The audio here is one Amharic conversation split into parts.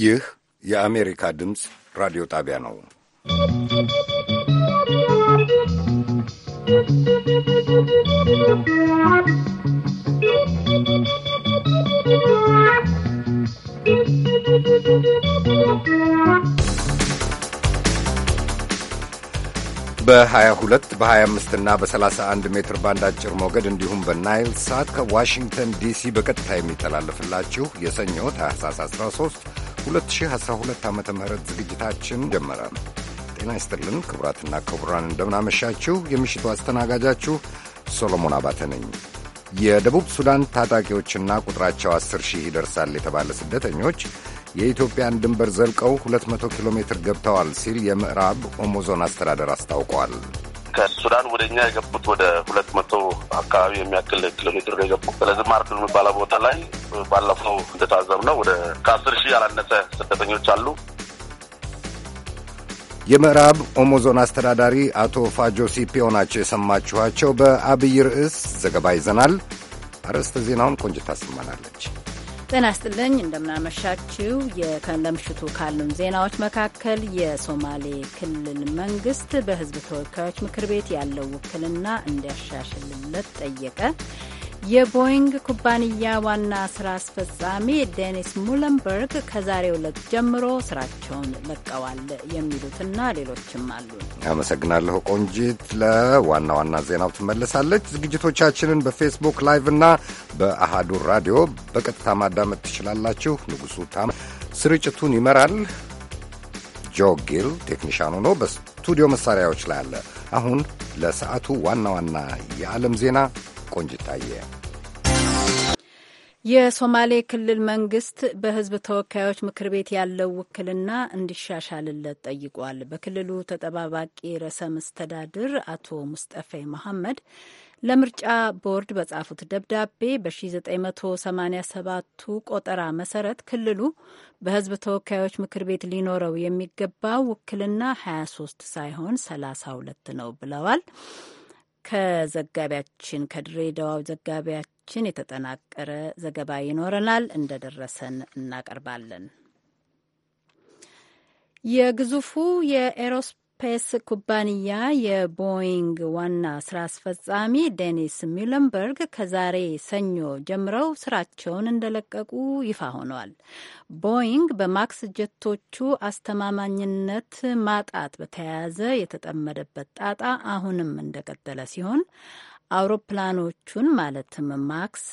ይህ የአሜሪካ ድምፅ ራዲዮ ጣቢያ ነው። በ22 በ25 እና በ31 ሜትር ባንድ አጭር ሞገድ እንዲሁም በናይል ሳት ከዋሽንግተን ዲሲ በቀጥታ የሚተላለፍላችሁ የሰኞ ታህሳስ 13 2012 ዓ ም ዝግጅታችን ጀመረ። ጤና ይስጥልን ክቡራትና ክቡራን፣ እንደምናመሻችሁ። የምሽቱ አስተናጋጃችሁ ሶሎሞን አባተ ነኝ። የደቡብ ሱዳን ታጣቂዎችና ቁጥራቸው 10 ሺህ ይደርሳል የተባለ ስደተኞች የኢትዮጵያን ድንበር ዘልቀው 200 ኪሎ ሜትር ገብተዋል ሲል የምዕራብ ኦሞ ዞን አስተዳደር አስታውቀዋል። ከሱዳን ወደ እኛ የገቡት ወደ ሁለት መቶ አካባቢ የሚያክል ኪሎ ሜትር ነው የገቡት። ስለዚህ ማርክ የሚባለው ቦታ ላይ ባለፈው እንደታዘብነው ወደ ከአስር ሺህ ያላነሰ ስደተኞች አሉ። የምዕራብ ኦሞ ዞን አስተዳዳሪ አቶ ፋጆ ሲፒዮ ናቸው የሰማችኋቸው። በአብይ ርዕስ ዘገባ ይዘናል። አርዕስተ ዜናውን ቆንጅታ ታሰማናለች። ጤና ስጥልኝ፣ እንደምናመሻችው ለምሽቱ ካሉን ዜናዎች መካከል የሶማሌ ክልል መንግስት በህዝብ ተወካዮች ምክር ቤት ያለው ውክልና እንዲያሻሽልለት ጠየቀ። የቦይንግ ኩባንያ ዋና ስራ አስፈጻሚ ዴኒስ ሙለንበርግ ከዛሬው ዕለት ጀምሮ ስራቸውን ለቀዋል የሚሉትና ሌሎችም አሉ። አመሰግናለሁ ቆንጂት። ለዋና ዋና ዜናው ትመለሳለች። ዝግጅቶቻችንን በፌስቡክ ላይቭ እና በአሃዱ ራዲዮ በቀጥታ ማዳመጥ ትችላላችሁ። ንጉሱ ታም ስርጭቱን ይመራል። ጆ ጊል ቴክኒሻን ሆኖ በስቱዲዮ መሳሪያዎች ላይ አለ። አሁን ለሰዓቱ ዋና ዋና የዓለም ዜና ቆንጅታየ። የሶማሌ ክልል መንግስት በህዝብ ተወካዮች ምክር ቤት ያለው ውክልና እንዲሻሻልለት ጠይቋል። በክልሉ ተጠባባቂ ርዕሰ መስተዳድር አቶ ሙስጠፌ መሐመድ ለምርጫ ቦርድ በጻፉት ደብዳቤ በ1987ቱ ቆጠራ መሰረት ክልሉ በህዝብ ተወካዮች ምክር ቤት ሊኖረው የሚገባው ውክልና 23 ሳይሆን 32 ነው ብለዋል። ከዘጋቢያችን ከድሬዳዋው ዘጋቢያችን የተጠናቀረ ዘገባ ይኖረናል። እንደደረሰን እናቀርባለን። የግዙፉ የኤሮስ ስፔስ ኩባንያ የቦይንግ ዋና ስራ አስፈጻሚ ዴኒስ ሚለንበርግ ከዛሬ ሰኞ ጀምረው ስራቸውን እንደለቀቁ ይፋ ሆኗል። ቦይንግ በማክስ ጀቶቹ አስተማማኝነት ማጣት በተያያዘ የተጠመደበት ጣጣ አሁንም እንደቀጠለ ሲሆን አውሮፕላኖቹን ማለትም ማክስ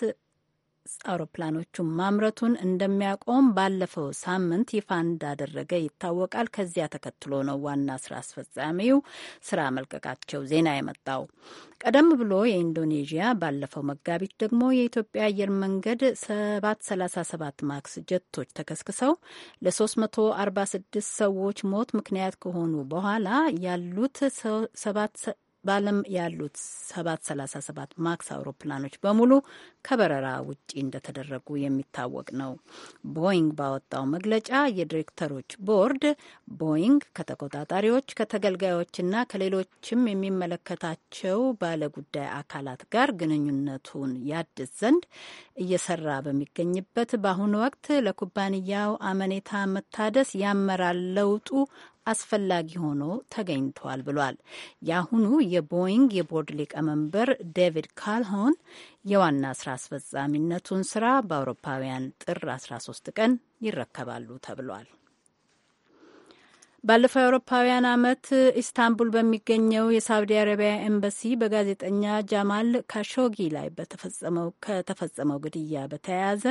አውሮፕላኖቹን ማምረቱን እንደሚያቆም ባለፈው ሳምንት ይፋ እንዳደረገ ይታወቃል። ከዚያ ተከትሎ ነው ዋና ስራ አስፈጻሚው ስራ መልቀቃቸው ዜና የመጣው። ቀደም ብሎ የኢንዶኔዥያ ባለፈው መጋቢት ደግሞ የኢትዮጵያ አየር መንገድ 737 ማክስ ጀቶች ተከስክሰው ለ346 ሰዎች ሞት ምክንያት ከሆኑ በኋላ ያሉት በዓለም ያሉት 737 ማክስ አውሮፕላኖች በሙሉ ከበረራ ውጪ እንደተደረጉ የሚታወቅ ነው። ቦይንግ ባወጣው መግለጫ የዲሬክተሮች ቦርድ ቦይንግ ከተቆጣጣሪዎች፣ ከተገልጋዮችና ከሌሎችም የሚመለከታቸው ባለጉዳይ አካላት ጋር ግንኙነቱን ያድስ ዘንድ እየሰራ በሚገኝበት በአሁኑ ወቅት ለኩባንያው አመኔታ መታደስ ያመራል ለውጡ አስፈላጊ ሆኖ ተገኝቷል ብሏል። የአሁኑ የቦይንግ የቦርድ ሊቀመንበር ዴቪድ ካልሆን የዋና ስራ አስፈጻሚነቱን ስራ በአውሮፓውያን ጥር 13 ቀን ይረከባሉ ተብሏል። ባለፈው የአውሮፓውያን አመት ኢስታንቡል በሚገኘው የሳውዲ አረቢያ ኤምባሲ በጋዜጠኛ ጃማል ካሾጊ ላይ ከተፈጸመው ግድያ በተያያዘ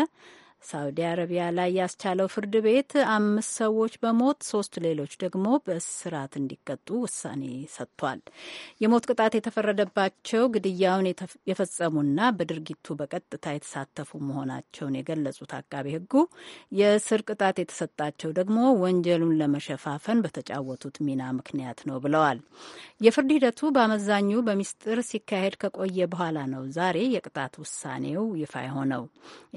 ሳውዲ አረቢያ ላይ ያስቻለው ፍርድ ቤት አምስት ሰዎች በሞት ሶስት ሌሎች ደግሞ በእስራት እንዲቀጡ ውሳኔ ሰጥቷል። የሞት ቅጣት የተፈረደባቸው ግድያውን የፈጸሙና በድርጊቱ በቀጥታ የተሳተፉ መሆናቸውን የገለጹት አቃቤ ሕጉ የእስር ቅጣት የተሰጣቸው ደግሞ ወንጀሉን ለመሸፋፈን በተጫወቱት ሚና ምክንያት ነው ብለዋል። የፍርድ ሂደቱ በአመዛኙ በሚስጥር ሲካሄድ ከቆየ በኋላ ነው ዛሬ የቅጣት ውሳኔው ይፋ የሆነው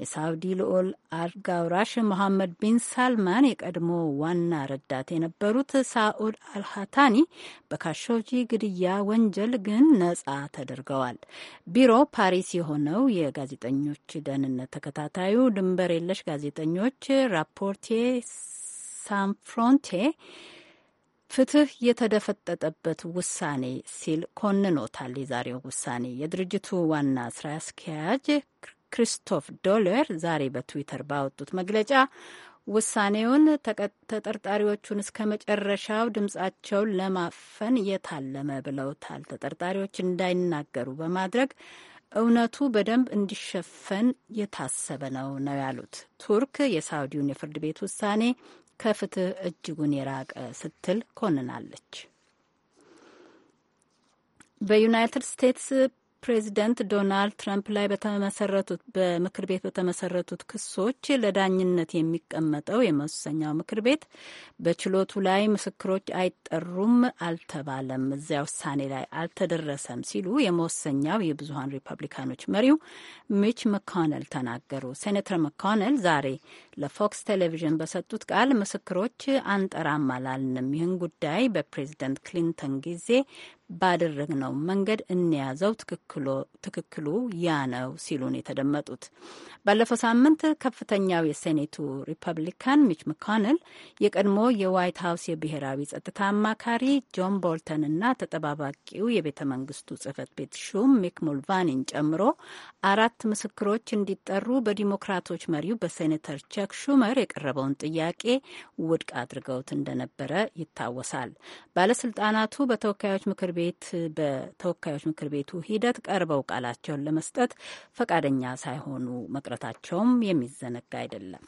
የሳውዲ ልዑል አልጋውራሽ ሞሐመድ ቢን ሳልማን የቀድሞ ዋና ረዳት የነበሩት ሳኡድ አልሃታኒ በካሾጂ ግድያ ወንጀል ግን ነጻ ተደርገዋል። ቢሮ ፓሪስ የሆነው የጋዜጠኞች ደህንነት ተከታታዩ ድንበር የለሽ ጋዜጠኞች ራፖርቴ ሳንፍሮንቴ ፍትህ የተደፈጠጠበት ውሳኔ ሲል ኮንኖታል። የዛሬው ውሳኔ የድርጅቱ ዋና ስራ አስኪያጅ ክሪስቶፍ ዶለር ዛሬ በትዊተር ባወጡት መግለጫ ውሳኔውን ተጠርጣሪዎቹን እስከ መጨረሻው ድምጻቸውን ለማፈን የታለመ ብለውታል። ተጠርጣሪዎች እንዳይናገሩ በማድረግ እውነቱ በደንብ እንዲሸፈን የታሰበ ነው ነው ያሉት። ቱርክ የሳውዲውን የፍርድ ቤት ውሳኔ ከፍትህ እጅጉን የራቀ ስትል ኮንናለች። በዩናይትድ ስቴትስ ፕሬዚደንት ዶናልድ ትራምፕ ላይ በተመሰረቱት በምክር ቤት በተመሰረቱት ክሶች ለዳኝነት የሚቀመጠው የመወሰኛው ምክር ቤት በችሎቱ ላይ ምስክሮች አይጠሩም አልተባለም፣ እዚያ ውሳኔ ላይ አልተደረሰም ሲሉ የመወሰኛው የብዙሀን ሪፐብሊካኖች መሪው ሚች መኮነል ተናገሩ። ሴኔተር መኮነል ዛሬ ለፎክስ ቴሌቪዥን በሰጡት ቃል ምስክሮች አንጠራም አላልንም፣ ይህን ጉዳይ በፕሬዚደንት ክሊንተን ጊዜ ባደረግነው መንገድ እንያዘው፣ ትክክሉ ያ ነው ሲሉን የተደመጡት ባለፈው ሳምንት ከፍተኛው የሴኔቱ ሪፐብሊካን ሚች መኮንል የቀድሞ የዋይት ሀውስ የብሔራዊ ጸጥታ አማካሪ ጆን እና ተጠባባቂው የቤተ መንግስቱ ጽህፈት ቤት ሹም ሚክ ሙልቫኒን ጨምሮ አራት ምስክሮች እንዲጠሩ በዲሞክራቶች መሪው በሴኔተር ቸክ ሹመር የቀረበውን ጥያቄ ውድቅ አድርገውት እንደነበረ ይታወሳል። ባለስልጣናቱ በተወካዮች ምክር ቤት ቤት በተወካዮች ምክር ቤቱ ሂደት ቀርበው ቃላቸውን ለመስጠት ፈቃደኛ ሳይሆኑ መቅረታቸውም የሚዘነጋ አይደለም።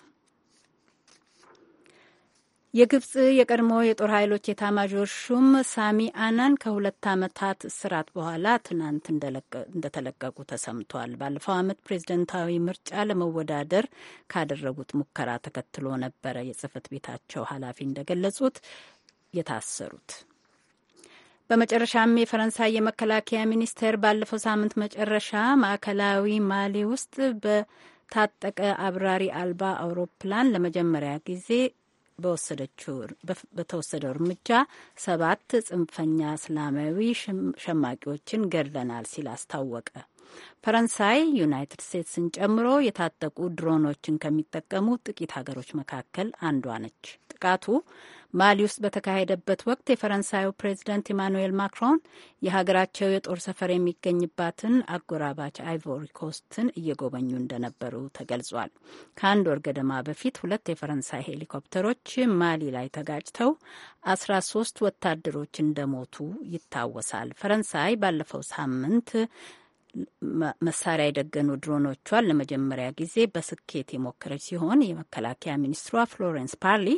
የግብፅ የቀድሞ የጦር ኃይሎች የታማዦር ሹም ሳሚ አናን ከሁለት ዓመታት እስራት በኋላ ትናንት እንደተለቀቁ ተሰምቷል። ባለፈው ዓመት ፕሬዝደንታዊ ምርጫ ለመወዳደር ካደረጉት ሙከራ ተከትሎ ነበረ የጽህፈት ቤታቸው ኃላፊ እንደገለጹት የታሰሩት። በመጨረሻም የፈረንሳይ የመከላከያ ሚኒስቴር ባለፈው ሳምንት መጨረሻ ማዕከላዊ ማሊ ውስጥ በታጠቀ አብራሪ አልባ አውሮፕላን ለመጀመሪያ ጊዜ በተወሰደው እርምጃ ሰባት ጽንፈኛ እስላማዊ ሸማቂዎችን ገድለናል ሲል አስታወቀ። ፈረንሳይ ዩናይትድ ስቴትስን ጨምሮ የታጠቁ ድሮኖችን ከሚጠቀሙ ጥቂት ሀገሮች መካከል አንዷ ነች። ጥቃቱ ማሊ ውስጥ በተካሄደበት ወቅት የፈረንሳዩ ፕሬዚደንት ኢማኑኤል ማክሮን የሀገራቸው የጦር ሰፈር የሚገኝባትን አጎራባች አይቮሪ ኮስትን እየጎበኙ እንደነበሩ ተገልጿል። ከአንድ ወር ገደማ በፊት ሁለት የፈረንሳይ ሄሊኮፕተሮች ማሊ ላይ ተጋጭተው አስራ ሶስት ወታደሮች እንደሞቱ ይታወሳል። ፈረንሳይ ባለፈው ሳምንት መሳሪያ የደገኑ ድሮኖቿን ለመጀመሪያ ጊዜ በስኬት የሞከረች ሲሆን የመከላከያ ሚኒስትሯ ፍሎረንስ ፓርሊ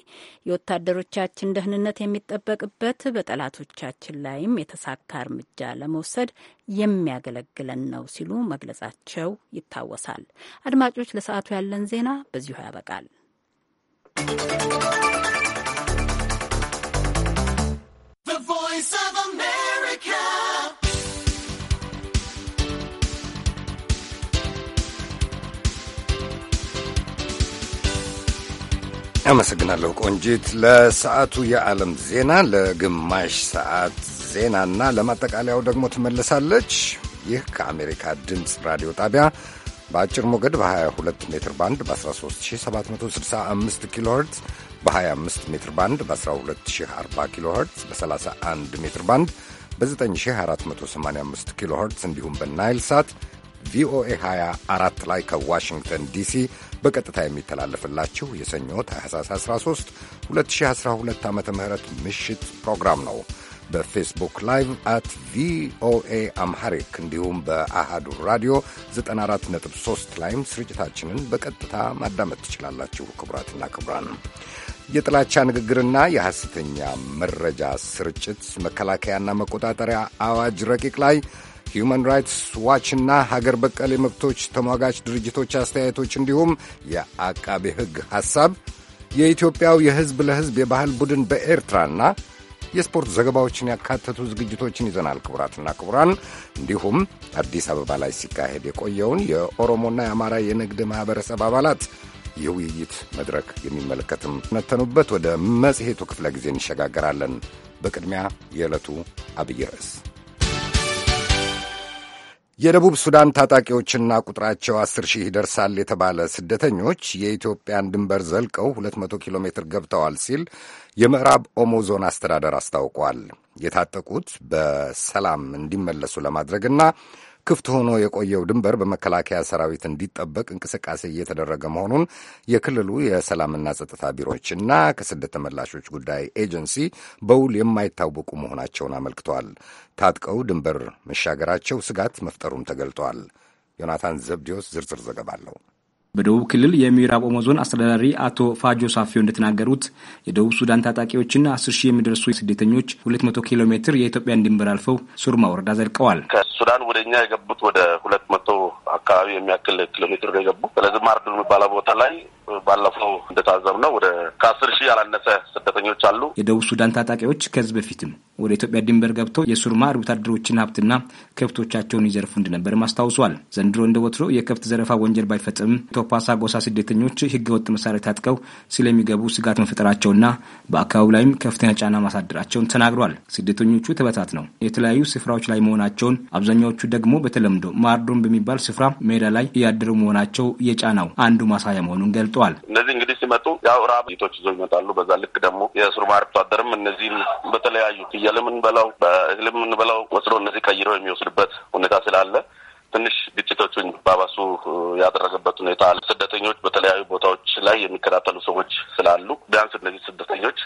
የወታደሮቻችን ደህንነት የሚጠበቅበት በጠላቶቻችን ላይም የተሳካ እርምጃ ለመውሰድ የሚያገለግለን ነው ሲሉ መግለጻቸው ይታወሳል። አድማጮች፣ ለሰዓቱ ያለን ዜና በዚሁ ያበቃል። አመሰግናለሁ ቆንጂት። ለሰዓቱ የዓለም ዜና ለግማሽ ሰዓት ዜናና ለማጠቃለያው ደግሞ ትመለሳለች። ይህ ከአሜሪካ ድምፅ ራዲዮ ጣቢያ በአጭር ሞገድ በ22 ሜትር ባንድ በ13765 ኪሎ ሄርትዝ በ25 ሜትር ባንድ በ1240 ኪሎ ሄርትዝ በ31 ሜትር ባንድ በ9485 ኪሎ ሄርትዝ እንዲሁም በናይል ሳት ቪኦኤ 24 ላይ ከዋሽንግተን ዲሲ በቀጥታ የሚተላለፍላችሁ የሰኞ ታህሳስ 13 2012 ዓ ም ምሽት ፕሮግራም ነው። በፌስቡክ ላይቭ አት ቪኦኤ አምሐሪክ እንዲሁም በአሃዱ ራዲዮ 94.3 ላይም ስርጭታችንን በቀጥታ ማዳመጥ ትችላላችሁ። ክቡራትና ክቡራን የጥላቻ ንግግርና የሐሰተኛ መረጃ ስርጭት መከላከያና መቆጣጠሪያ አዋጅ ረቂቅ ላይ ሂዩማን ራይትስ ዋችና ሀገር በቀል የመብቶች ተሟጋች ድርጅቶች አስተያየቶች እንዲሁም የአቃቤ ሕግ ሐሳብ የኢትዮጵያው የሕዝብ ለሕዝብ የባህል ቡድን በኤርትራና የስፖርት ዘገባዎችን ያካተቱ ዝግጅቶችን ይዘናል። ክቡራትና ክቡራን፣ እንዲሁም አዲስ አበባ ላይ ሲካሄድ የቆየውን የኦሮሞና የአማራ የንግድ ማኅበረሰብ አባላት የውይይት መድረክ የሚመለከትም ነተኑበት ወደ መጽሔቱ ክፍለ ጊዜ እንሸጋገራለን። በቅድሚያ የዕለቱ አብይ ርዕስ የደቡብ ሱዳን ታጣቂዎችና ቁጥራቸው አስር ሺህ ይደርሳል የተባለ ስደተኞች የኢትዮጵያን ድንበር ዘልቀው 200 ኪሎ ሜትር ገብተዋል ሲል የምዕራብ ኦሞ ዞን አስተዳደር አስታውቋል። የታጠቁት በሰላም እንዲመለሱ ለማድረግና ክፍት ሆኖ የቆየው ድንበር በመከላከያ ሰራዊት እንዲጠበቅ እንቅስቃሴ እየተደረገ መሆኑን የክልሉ የሰላምና ጸጥታ ቢሮዎችና ከስደት ተመላሾች ጉዳይ ኤጀንሲ በውል የማይታወቁ መሆናቸውን አመልክተዋል። ታጥቀው ድንበር መሻገራቸው ስጋት መፍጠሩም ተገልጧል። ዮናታን ዘብዲዮስ ዝርዝር ዘገባ አለው። በደቡብ ክልል የምዕራብ ኦሞ ዞን አስተዳዳሪ አቶ ፋጆ ሳፊዮ እንደተናገሩት የደቡብ ሱዳን ታጣቂዎችና አስር ሺህ የሚደርሱ ስደተኞች ሁለት መቶ ኪሎ ሜትር የኢትዮጵያን ድንበር አልፈው ሱርማ ወረዳ ዘልቀዋል። ከሱዳን ወደ እኛ የገቡት ወደ ሁለት መቶ አካባቢ የሚያክል ኪሎ ሜትር ነው የገቡ። ስለዚህ ማርዱ የሚባለው ቦታ ላይ ባለፈው እንደታዘብ ነው ወደ ከአስር ሺህ ያላነሰ ስደተኞች አሉ። የደቡብ ሱዳን ታጣቂዎች ከዚህ በፊትም ወደ ኢትዮጵያ ድንበር ገብተው የሱርማ ወታደሮችን ሀብትና ከብቶቻቸውን ይዘርፉ እንደነበርም አስታውሷል። ዘንድሮ እንደ ወትሮ የከብት ዘረፋ ወንጀል ባይፈጽምም ቶፓሳ ጎሳ ስደተኞች ህገወጥ መሳሪያ ታጥቀው ስለሚገቡ ስጋት መፈጠራቸውና በአካባቢው ላይም ከፍተኛ ጫና ማሳደራቸውን ተናግሯል። ስደተኞቹ ተበታት ነው የተለያዩ ስፍራዎች ላይ መሆናቸውን አብዛኛዎቹ ደግሞ በተለምዶ ማርዶን በሚባል ስፍራ ሜዳ ላይ እያደሩ መሆናቸው የጫናው አንዱ ማሳያ መሆኑን ገልጠዋል። እነዚህ እንግዲህ ሲመጡ ያው ራብ ቶች ይዘው ይመጣሉ። በዛ ልክ ደግሞ የሱርማ አርብቶ አደርም እነዚህን በተለያዩ ፍየል የምንበላው በእህል የምንበላው ወስዶ እነዚህ ቀይሮ የሚወስድበት ሁኔታ ስላለ ትንሽ ግጭቶቹን ባባሱ ያደረገበት ሁኔታ አለ። ስደተኞች በተለያዩ ቦታዎች ላይ የሚከታተሉ ሰዎች ስላሉ ቢያንስ እነዚህ ስደተኞች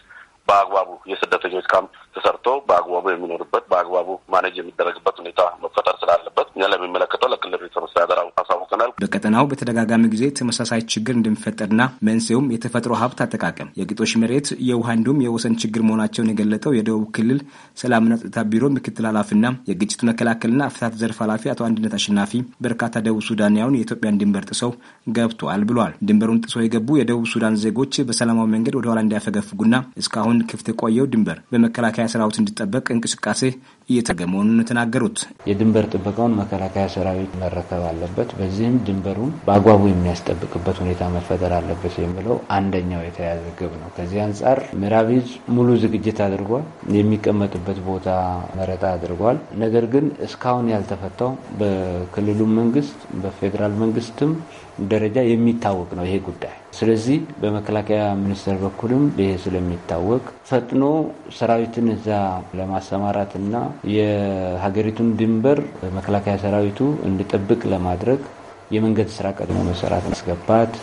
በአግባቡ የስደተኞች ካምፕ ተሰርቶ በአግባቡ የሚኖርበት በአግባቡ ማኔጅ የሚደረግበት ሁኔታ መፈጠር ስላለበት እኛ ለሚመለከተው ለክልል ርዕሰ መስተዳድር አሳውቀናል። በቀጠናው በተደጋጋሚ ጊዜ ተመሳሳይ ችግር እንደሚፈጠርና መንስኤውም የተፈጥሮ ሀብት አጠቃቀም፣ የግጦሽ መሬት፣ የውሃ እንዲሁም የወሰን ችግር መሆናቸውን የገለጠው የደቡብ ክልል ሰላምና ጸጥታ ቢሮ ምክትል ኃላፊና የግጭት መከላከልና ፍታት ዘርፍ ኃላፊ አቶ አንድነት አሸናፊ በርካታ ደቡብ ሱዳናውያን የኢትዮጵያን ድንበር ጥሰው ገብተዋል ብሏል። ድንበሩን ጥሰው የገቡ የደቡብ ሱዳን ዜጎች በሰላማዊ መንገድ ወደ ኋላ እንዳያፈገፍጉና እስካሁን ክፍት የቆየው ድንበር በመከላከል መከላከያ ሰራዊት እንዲጠበቅ እንቅስቃሴ እየተደረገ መሆኑን የድንበር ጥበቃውን መከላከያ ሰራዊት መረከብ አለበት፣ በዚህም ድንበሩን በአግባቡ የሚያስጠብቅበት ሁኔታ መፈጠር አለበት የሚለው አንደኛው የተያዘ ግብ ነው። ከዚህ አንጻር ምዕራብ ሙሉ ዝግጅት አድርጓል። የሚቀመጥበት ቦታ መረጣ አድርጓል። ነገር ግን እስካሁን ያልተፈታው በክልሉ መንግስት በፌዴራል መንግስትም ደረጃ የሚታወቅ ነው ይሄ ጉዳይ። ስለዚህ በመከላከያ ሚኒስቴር በኩልም ይሄ ስለሚታወቅ ፈጥኖ ሰራዊትን እዛ ለማሰማራትና የሀገሪቱን ድንበር መከላከያ ሰራዊቱ እንዲጠብቅ ለማድረግ የመንገድ ስራ ቀድሞ መሰራት ማስገባት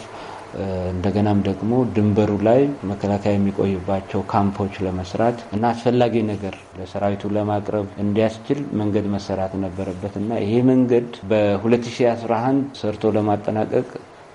እንደገናም ደግሞ ድንበሩ ላይ መከላከያ የሚቆይባቸው ካምፖች ለመስራት እና አስፈላጊ ነገር ለሰራዊቱ ለማቅረብ እንዲያስችል መንገድ መሰራት ነበረበት እና ይሄ መንገድ በ2011 ሰርቶ ለማጠናቀቅ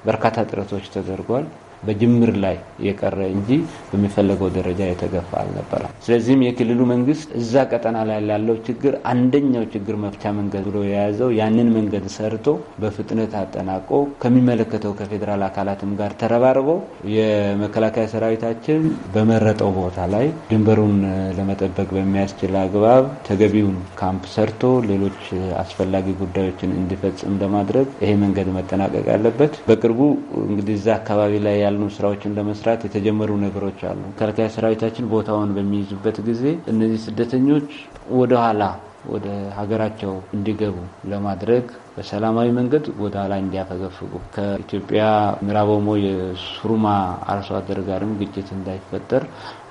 በርካታ ጥረቶች ተደርጓል። በጅምር ላይ የቀረ እንጂ በሚፈለገው ደረጃ የተገፋ አልነበረም። ስለዚህም የክልሉ መንግስት እዛ ቀጠና ላይ ላለው ችግር አንደኛው ችግር መፍቻ መንገድ ብሎ የያዘው ያንን መንገድ ሰርቶ በፍጥነት አጠናቆ ከሚመለከተው ከፌዴራል አካላትም ጋር ተረባርበው የመከላከያ ሰራዊታችን በመረጠው ቦታ ላይ ድንበሩን ለመጠበቅ በሚያስችል አግባብ ተገቢውን ካምፕ ሰርቶ ሌሎች አስፈላጊ ጉዳዮችን እንዲፈጽም ለማድረግ ይሄ መንገድ መጠናቀቅ ያለበት በቅርቡ እንግዲህ እዛ አካባቢ ላይ ያሉ ስራዎችን ለመስራት የተጀመሩ ነገሮች አሉ። መከላከያ ሰራዊታችን ቦታውን በሚይዙበት ጊዜ እነዚህ ስደተኞች ወደኋላ ወደ ሀገራቸው እንዲገቡ ለማድረግ በሰላማዊ መንገድ ወደ ኋላ እንዲያፈገፍጉ ከኢትዮጵያ ምዕራብ ኦሞ የሱሩማ አርሶ አደር ጋርም ግጭት እንዳይፈጠር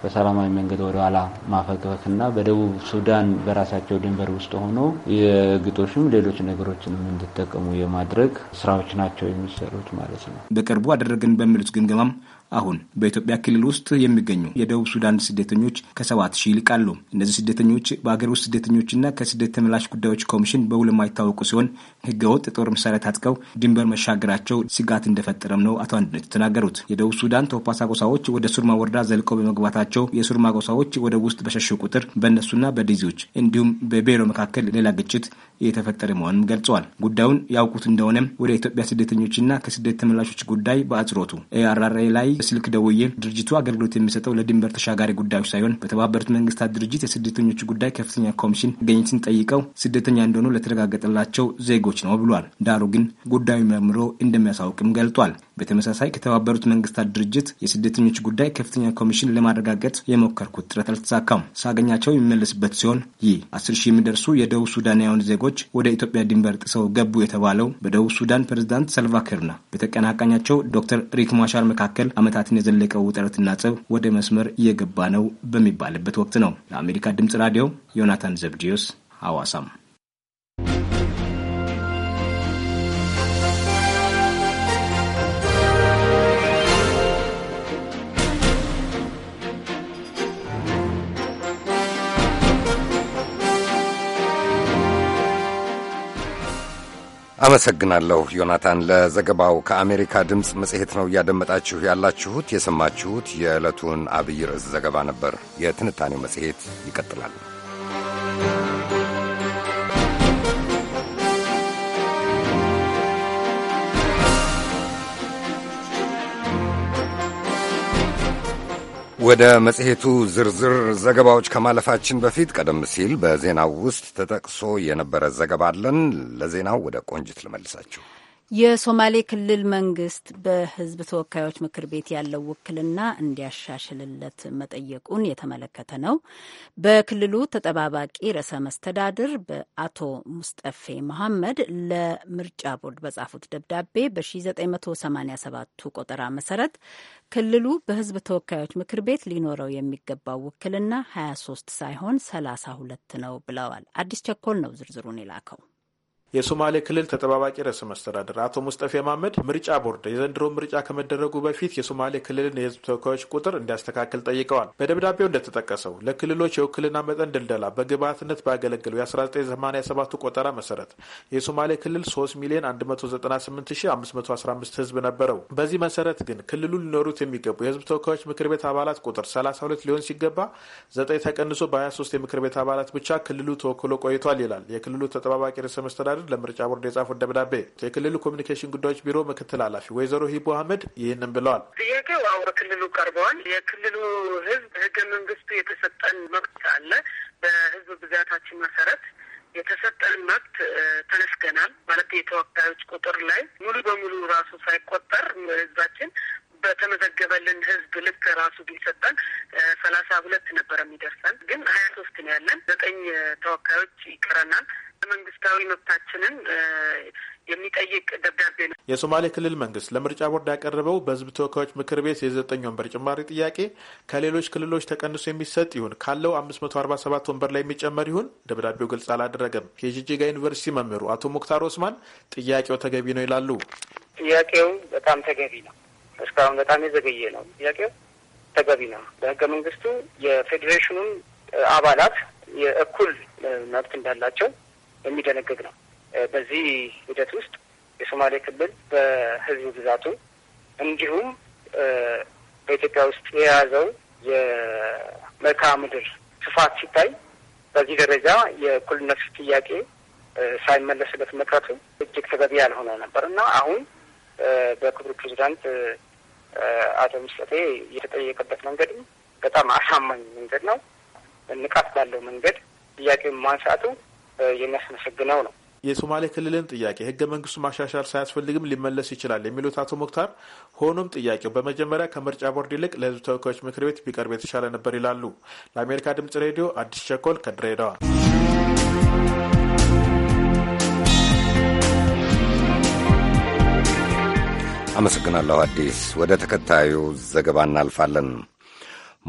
በሰላማዊ መንገድ ወደ ኋላ ማፈግፈግና በደቡብ ሱዳን በራሳቸው ድንበር ውስጥ ሆኖ የግጦሽም ሌሎች ነገሮችንም እንዲጠቀሙ የማድረግ ስራዎች ናቸው የሚሰሩት ማለት ነው። በቅርቡ አደረግን በሚሉት ግምገማም አሁን በኢትዮጵያ ክልል ውስጥ የሚገኙ የደቡብ ሱዳን ስደተኞች ከሰባት ሺህ ይልቃሉ። እነዚህ ስደተኞች በአገር ውስጥ ስደተኞችና ከስደት ተመላሽ ጉዳዮች ኮሚሽን በውል የማይታወቁ ሲሆን ህገወጥ ጦር መሳሪያ ታጥቀው ድንበር መሻገራቸው ስጋት እንደፈጠረም ነው አቶ አንድነት የተናገሩት። የደቡብ ሱዳን ቶፓሳ ጎሳዎች ወደ ሱርማ ወረዳ ዘልቀው በመግባታቸው የሱርማ ጎሳዎች ወደ ውስጥ በሸሹ ቁጥር በእነሱና በዲዚዎች እንዲሁም በቤሮ መካከል ሌላ ግጭት የተፈጠረ መሆኑን ገልጸዋል። ጉዳዩን ያውቁት እንደሆነም ወደ ኢትዮጵያ ስደተኞችና ከስደት ተመላሾች ጉዳይ በአጽሮቱ ኤአርአርኤ ላይ ስልክ ደውዬ ድርጅቱ አገልግሎት የሚሰጠው ለድንበር ተሻጋሪ ጉዳዮች ሳይሆን በተባበሩት መንግስታት ድርጅት የስደተኞች ጉዳይ ከፍተኛ ኮሚሽን ገኝትን ጠይቀው ስደተኛ እንደሆኑ ለተረጋገጠላቸው ዜጎች ነው ብሏል። ዳሩ ግን ጉዳዩ መርምሮ እንደሚያሳውቅም ገልጧል። በተመሳሳይ ከተባበሩት መንግስታት ድርጅት የስደተኞች ጉዳይ ከፍተኛ ኮሚሽን ለማረጋገጥ የሞከርኩት ጥረት አልተሳካም። ሳገኛቸው የሚመለስበት ሲሆን ይህ አስር ሺህ የሚደርሱ የደቡብ ሱዳናውያን ዜጎች ሰዎች ወደ ኢትዮጵያ ድንበር ጥሰው ገቡ የተባለው በደቡብ ሱዳን ፕሬዝዳንት ሰልቫኪርና በተቀናቃኛቸው ዶክተር ሪክ ማሻር መካከል ዓመታትን የዘለቀው ውጥረትና ጸብ ወደ መስመር እየገባ ነው በሚባልበት ወቅት ነው። ለአሜሪካ ድምጽ ራዲዮ ዮናታን ዘብዲዮስ ሐዋሳም አመሰግናለሁ ዮናታን ለዘገባው። ከአሜሪካ ድምፅ መጽሔት ነው እያደመጣችሁ ያላችሁት። የሰማችሁት የዕለቱን አብይ ርዕስ ዘገባ ነበር። የትንታኔው መጽሔት ይቀጥላል። ወደ መጽሔቱ ዝርዝር ዘገባዎች ከማለፋችን በፊት ቀደም ሲል በዜናው ውስጥ ተጠቅሶ የነበረ ዘገባ አለን። ለዜናው ወደ ቆንጅት ልመልሳችሁ። የሶማሌ ክልል መንግስት በህዝብ ተወካዮች ምክር ቤት ያለው ውክልና እንዲያሻሽልለት መጠየቁን የተመለከተ ነው። በክልሉ ተጠባባቂ ርዕሰ መስተዳድር በአቶ ሙስጠፌ መሐመድ ለምርጫ ቦርድ በጻፉት ደብዳቤ በ1987 ቆጠራ መሰረት ክልሉ በህዝብ ተወካዮች ምክር ቤት ሊኖረው የሚገባው ውክልና 23 ሳይሆን 32 ነው ብለዋል። አዲስ ቸኮል ነው ዝርዝሩን የላከው። የሶማሌ ክልል ተጠባባቂ ርዕሰ መስተዳደር አቶ ሙስጠፌ ማመድ ምርጫ ቦርድ የዘንድሮ ምርጫ ከመደረጉ በፊት የሶማሌ ክልልን የህዝብ ተወካዮች ቁጥር እንዲያስተካክል ጠይቀዋል። በደብዳቤው እንደተጠቀሰው ለክልሎች የውክልና መጠን ድልደላ በግብዓትነት ባገለገለው የ1987 ቆጠራ መሰረት የሶማሌ ክልል 3 ሚሊዮን 198515 ህዝብ ነበረው። በዚህ መሰረት ግን ክልሉ ሊኖሩት የሚገቡ የህዝብ ተወካዮች ምክር ቤት አባላት ቁጥር 32 ሊሆን ሲገባ 9 ተቀንሶ በ23 የምክር ቤት አባላት ብቻ ክልሉ ተወክሎ ቆይቷል ይላል የክልሉ ተጠባባቂ ርዕሰ መስተዳደር አስተዳደር ለምርጫ ቦርድ የጻፉት ደብዳቤ የክልሉ ኮሚኒኬሽን ጉዳዮች ቢሮ ምክትል ኃላፊ ወይዘሮ ሂቦ አህመድ ይህንን ብለዋል። ጥያቄው አሁን በክልሉ ቀርበዋል። የክልሉ ህዝብ ህገ መንግስቱ የተሰጠን መብት አለ። በህዝብ ብዛታችን መሰረት የተሰጠን መብት ተነስገናል ማለት የተወካዮች ቁጥር ላይ ሙሉ በሙሉ ራሱ ሳይቆጠር ህዝባችን በተመዘገበልን ህዝብ ልክ ራሱ ቢሰጠን ሰላሳ ሁለት ነበር የሚደርሰን፣ ግን ሀያ ሶስት ነው ያለን። ዘጠኝ ተወካዮች ይቀረናል። መንግስታዊ መብታችንን የሚጠይቅ ደብዳቤ ነው። የሶማሌ ክልል መንግስት ለምርጫ ቦርድ ያቀረበው በህዝብ ተወካዮች ምክር ቤት የዘጠኝ ወንበር ጭማሪ ጥያቄ ከሌሎች ክልሎች ተቀንሶ የሚሰጥ ይሁን ካለው ሰባት ወንበር ላይ የሚጨመር ይሁን ደብዳቤው ግልጽ አላደረገም። የጂጂጋ ዩኒቨርሲቲ መምህሩ አቶ ሙክታር ኦስማን ጥያቄው ተገቢ ነው ይላሉ። ጥያቄው በጣም ተገቢ ነው። እስካሁን በጣም የዘገየ ነው። ጥያቄው ተገቢ ነው። በህገ መንግስቱ የፌዴሬሽኑም አባላት የእኩል መብት እንዳላቸው የሚደነግግ ነው። በዚህ ሂደት ውስጥ የሶማሌ ክልል በህዝብ ብዛቱ እንዲሁም በኢትዮጵያ ውስጥ የያዘው የመልክዓ ምድር ስፋት ሲታይ በዚህ ደረጃ የእኩልነት ጥያቄ ሳይመለስበት መቅረቱ እጅግ ተገቢ ያልሆነ ነበር እና አሁን በክቡር ፕሬዚዳንት አቶ ምስጠቴ የተጠየቀበት መንገድም በጣም አሳማኝ መንገድ ነው። ንቃት ባለው መንገድ ጥያቄውን ማንሳቱ የሚያስመሰግነው ነው። የሶማሌ ክልልን ጥያቄ ህገ መንግስቱ ማሻሻል ሳያስፈልግም ሊመለስ ይችላል የሚሉት አቶ ሙክታር፣ ሆኖም ጥያቄው በመጀመሪያ ከምርጫ ቦርድ ይልቅ ለህዝብ ተወካዮች ምክር ቤት ቢቀርብ የተሻለ ነበር ይላሉ። ለአሜሪካ ድምጽ ሬዲዮ አዲስ ቸኮል ከድሬዳዋ። አመሰግናለሁ አዲስ። ወደ ተከታዩ ዘገባ እናልፋለን።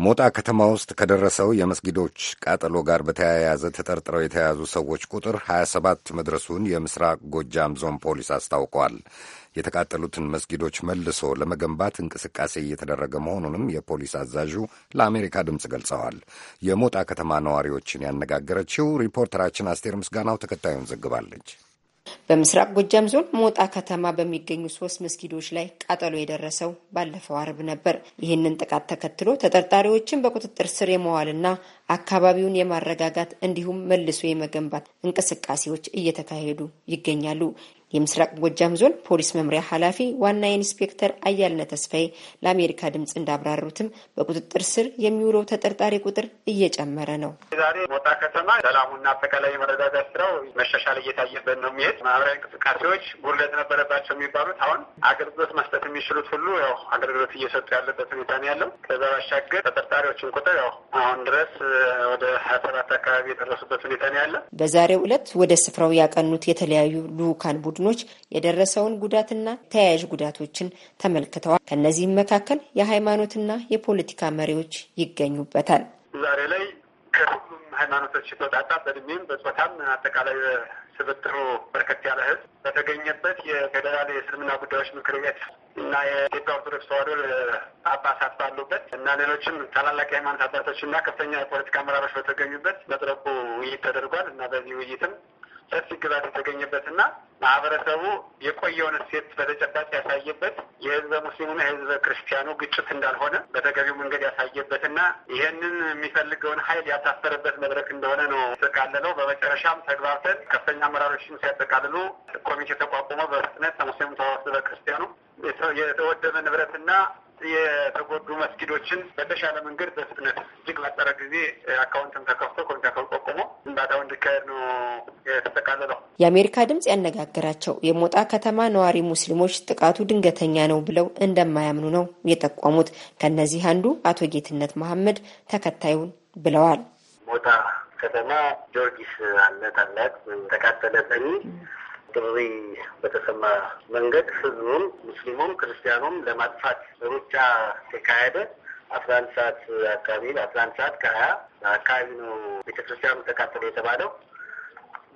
ሞጣ ከተማ ውስጥ ከደረሰው የመስጊዶች ቃጠሎ ጋር በተያያዘ ተጠርጥረው የተያዙ ሰዎች ቁጥር 27 መድረሱን የምስራቅ ጎጃም ዞን ፖሊስ አስታውቋል። የተቃጠሉትን መስጊዶች መልሶ ለመገንባት እንቅስቃሴ እየተደረገ መሆኑንም የፖሊስ አዛዡ ለአሜሪካ ድምፅ ገልጸዋል። የሞጣ ከተማ ነዋሪዎችን ያነጋገረችው ሪፖርተራችን አስቴር ምስጋናው ተከታዩን ዘግባለች። በምስራቅ ጎጃም ዞን ሞጣ ከተማ በሚገኙ ሶስት መስጊዶች ላይ ቃጠሎ የደረሰው ባለፈው አርብ ነበር። ይህንን ጥቃት ተከትሎ ተጠርጣሪዎችን በቁጥጥር ስር የመዋልና አካባቢውን የማረጋጋት እንዲሁም መልሶ የመገንባት እንቅስቃሴዎች እየተካሄዱ ይገኛሉ። የምስራቅ ጎጃም ዞን ፖሊስ መምሪያ ኃላፊ ዋና ኢንስፔክተር አያልነ ተስፋዬ ለአሜሪካ ድምፅ እንዳብራሩትም በቁጥጥር ስር የሚውለው ተጠርጣሪ ቁጥር እየጨመረ ነው። ዛሬ ሞጣ ከተማ ሰላሙና አጠቃላይ መረጋጋት ስራው መሻሻል እየታየበት ነው የሚሄድ ማህበራዊ እንቅስቃሴዎች ጉድለት ነበረባቸው የሚባሉት አሁን አገልግሎት መስጠት የሚችሉት ሁሉ ያው አገልግሎት እየሰጡ ያለበት ሁኔታ ነው ያለው። ከዛ ባሻገር ተጠርጣሪዎችን ቁጥር ያው አሁን ድረስ ወደ ሀያ ሰባት አካባቢ የደረሱበት ሁኔታ ነው ያለ። በዛሬው ዕለት ወደ ስፍራው ያቀኑት የተለያዩ ልኡካን ቡድን ቡድኖች የደረሰውን ጉዳትና ተያያዥ ጉዳቶችን ተመልክተዋል። ከእነዚህም መካከል የሃይማኖትና የፖለቲካ መሪዎች ይገኙበታል። ዛሬ ላይ ከሁሉም ሃይማኖቶች የተወጣጣ በእድሜም በጾታም አጠቃላይ ስብጥሩ በርከት ያለ ህዝብ በተገኘበት የፌዴራል የእስልምና ጉዳዮች ምክር ቤት እና የኢትዮጵያ ኦርቶዶክስ ተዋሕዶ አባሳት ባሉበት እና ሌሎችም ታላላቅ የሃይማኖት አባቶች እና ከፍተኛ የፖለቲካ አመራሮች በተገኙበት መድረኩ ውይይት ተደርጓል እና በዚህ ውይይትም ሰፊ ግባት የተገኘበትና ማህበረሰቡ የቆየውን እሴት በተጨባጭ ያሳየበት የህዝበ ሙስሊሙና የህዝበ ክርስቲያኑ ግጭት እንዳልሆነ በተገቢው መንገድ ያሳየበትና ይህንን የሚፈልገውን ኃይል ያሳፈረበት መድረክ እንደሆነ ነው የተጠቃለለው። በመጨረሻም ተግባብተን ከፍተኛ አመራሮችን ሲያጠቃልሉ ኮሚቴ ተቋቁሞ በፍጥነት ሙስሊሙ ተዋስበ ክርስቲያኑ የተወደመ ንብረትና የተጎዱ መስጊዶችን በተሻለ መንገድ በፍጥነት እጅግ ባጠረ ጊዜ አካውንትን ተከፍቶ ኮሚቴ ተቋቁሞ ግንባታው እንዲካሄድ ነው የተጠቃለለው። የአሜሪካ ድምጽ ያነጋገራቸው የሞጣ ከተማ ነዋሪ ሙስሊሞች ጥቃቱ ድንገተኛ ነው ብለው እንደማያምኑ ነው የጠቆሙት። ከእነዚህ አንዱ አቶ ጌትነት መሐመድ ተከታዩን ብለዋል። ሞጣ ከተማ ጊዮርጊስ አለት አላት ተቃጠለ ጥሪ በተሰማ መንገድ ህዝቡም ሙስሊሙም ክርስቲያኑም ለማጥፋት ሩጫ ተካሄደ። አስራ አንድ ሰዓት አካባቢ አስራ አንድ ሰዓት ከሀያ አካባቢ ነው ቤተክርስቲያኑ ተካተለ የተባለው።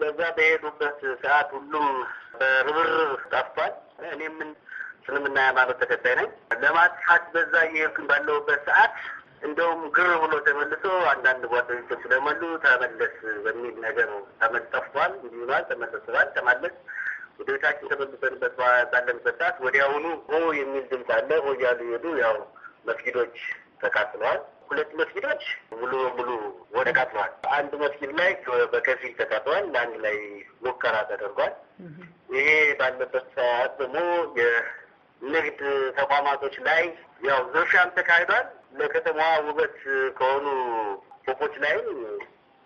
በዛ በሄዱበት ሰዓት ሁሉም በርብርብ ጠፍቷል። እኔም እስልምና ሃይማኖት ተከታይ ነኝ። ለማጥፋት በዛ እየሄድኩኝ ባለሁበት ሰዓት እንደውም ግር ብሎ ተመልሶ አንዳንድ ጓደኞቹ ስለመሉ ተመለስ በሚል ነገር ተመጠፍቷል። እንዲሁናል ተመለስባል። ተማለስ ወደ ቤታችን ተመልሰንበት ባለንበት ሰዓት ወዲያውኑ ሆ የሚል ድምፅ አለ። ሆ እያሉ ይሄዱ ያው መስጊዶች ተቃጥለዋል። ሁለት መስጊዶች ሙሉ በሙሉ ወደቃጥለዋል። አንድ መስጊድ ላይ በከፊል ተቃጥለዋል። ለአንድ ላይ ሙከራ ተደርጓል። ይሄ ባለበት ሰዓት ደግሞ የንግድ ተቋማቶች ላይ ያው ዝርሻም ተካሂዷል። ለከተማዋ ውበት ከሆኑ ፎቆች ላይ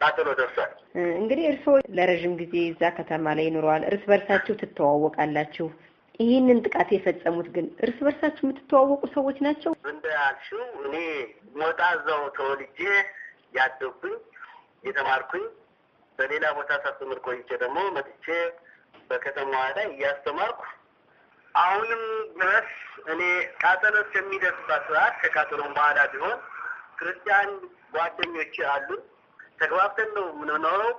ቃጠሎ ደርሷል። እንግዲህ እርስዎ ለረዥም ጊዜ እዛ ከተማ ላይ ይኖረዋል። እርስ በርሳችሁ ትተዋወቃላችሁ። ይህንን ጥቃት የፈጸሙት ግን እርስ በርሳችሁ የምትተዋወቁ ሰዎች ናቸው? እንዳልሽው እኔ ሞጣ እዛው ተወልጄ ያደኩኝ የተማርኩኝ፣ በሌላ ቦታ ሳስተምር ቆይቼ ደግሞ መጥቼ በከተማዋ ላይ እያስተማርኩ አሁንም ድረስ እኔ ቃጠሎ እስከሚደርስባት ሰዓት ከቃጠሎም በኋላ ቢሆን ክርስቲያን ጓደኞች አሉ። ተግባብተን ነው የምንኖረው፣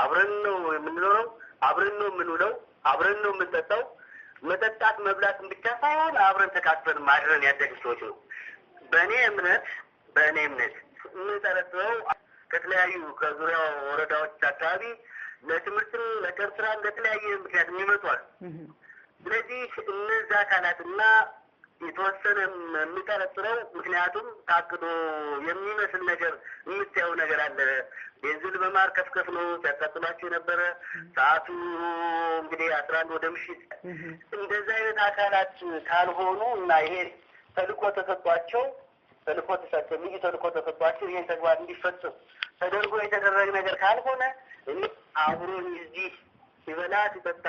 አብረን ነው የምንኖረው፣ አብረን ነው የምንውለው፣ አብረን ነው የምንጠጣው። መጠጣት መብላትን ብቻ ሳይሆን አብረን ተካፍለን ማድረን ያደግ ሰዎች ነው። በእኔ እምነት በእኔ እምነት የምንጠረጥረው ከተለያዩ ከዙሪያ ወረዳዎች አካባቢ ለትምህርትም ለቀን ስራም ለተለያየ ምክንያት የሚመጡ አሉ። ስለዚህ እነዚህ አካላትና የተወሰነ የምጠረጥረው ምክንያቱም ታቅዶ የሚመስል ነገር የምታየው ነገር አለ። ቤንዚን በማርከፍከፍ ነው ሲያቃጥሏቸው የነበረ። ሰዓቱ እንግዲህ አስራ አንድ ወደ ምሽት እንደዚህ አይነት አካላት ካልሆኑ እና ይሄ ተልእኮ ተሰጧቸው ተልእኮ ተሰጥቶ ልዩ ተልእኮ ተሰጧቸው ይህን ተግባር እንዲፈጽም ተደርጎ የተደረገ ነገር ካልሆነ እኔ አብሮኝ እዚህ ሲበላ ሲጠጣ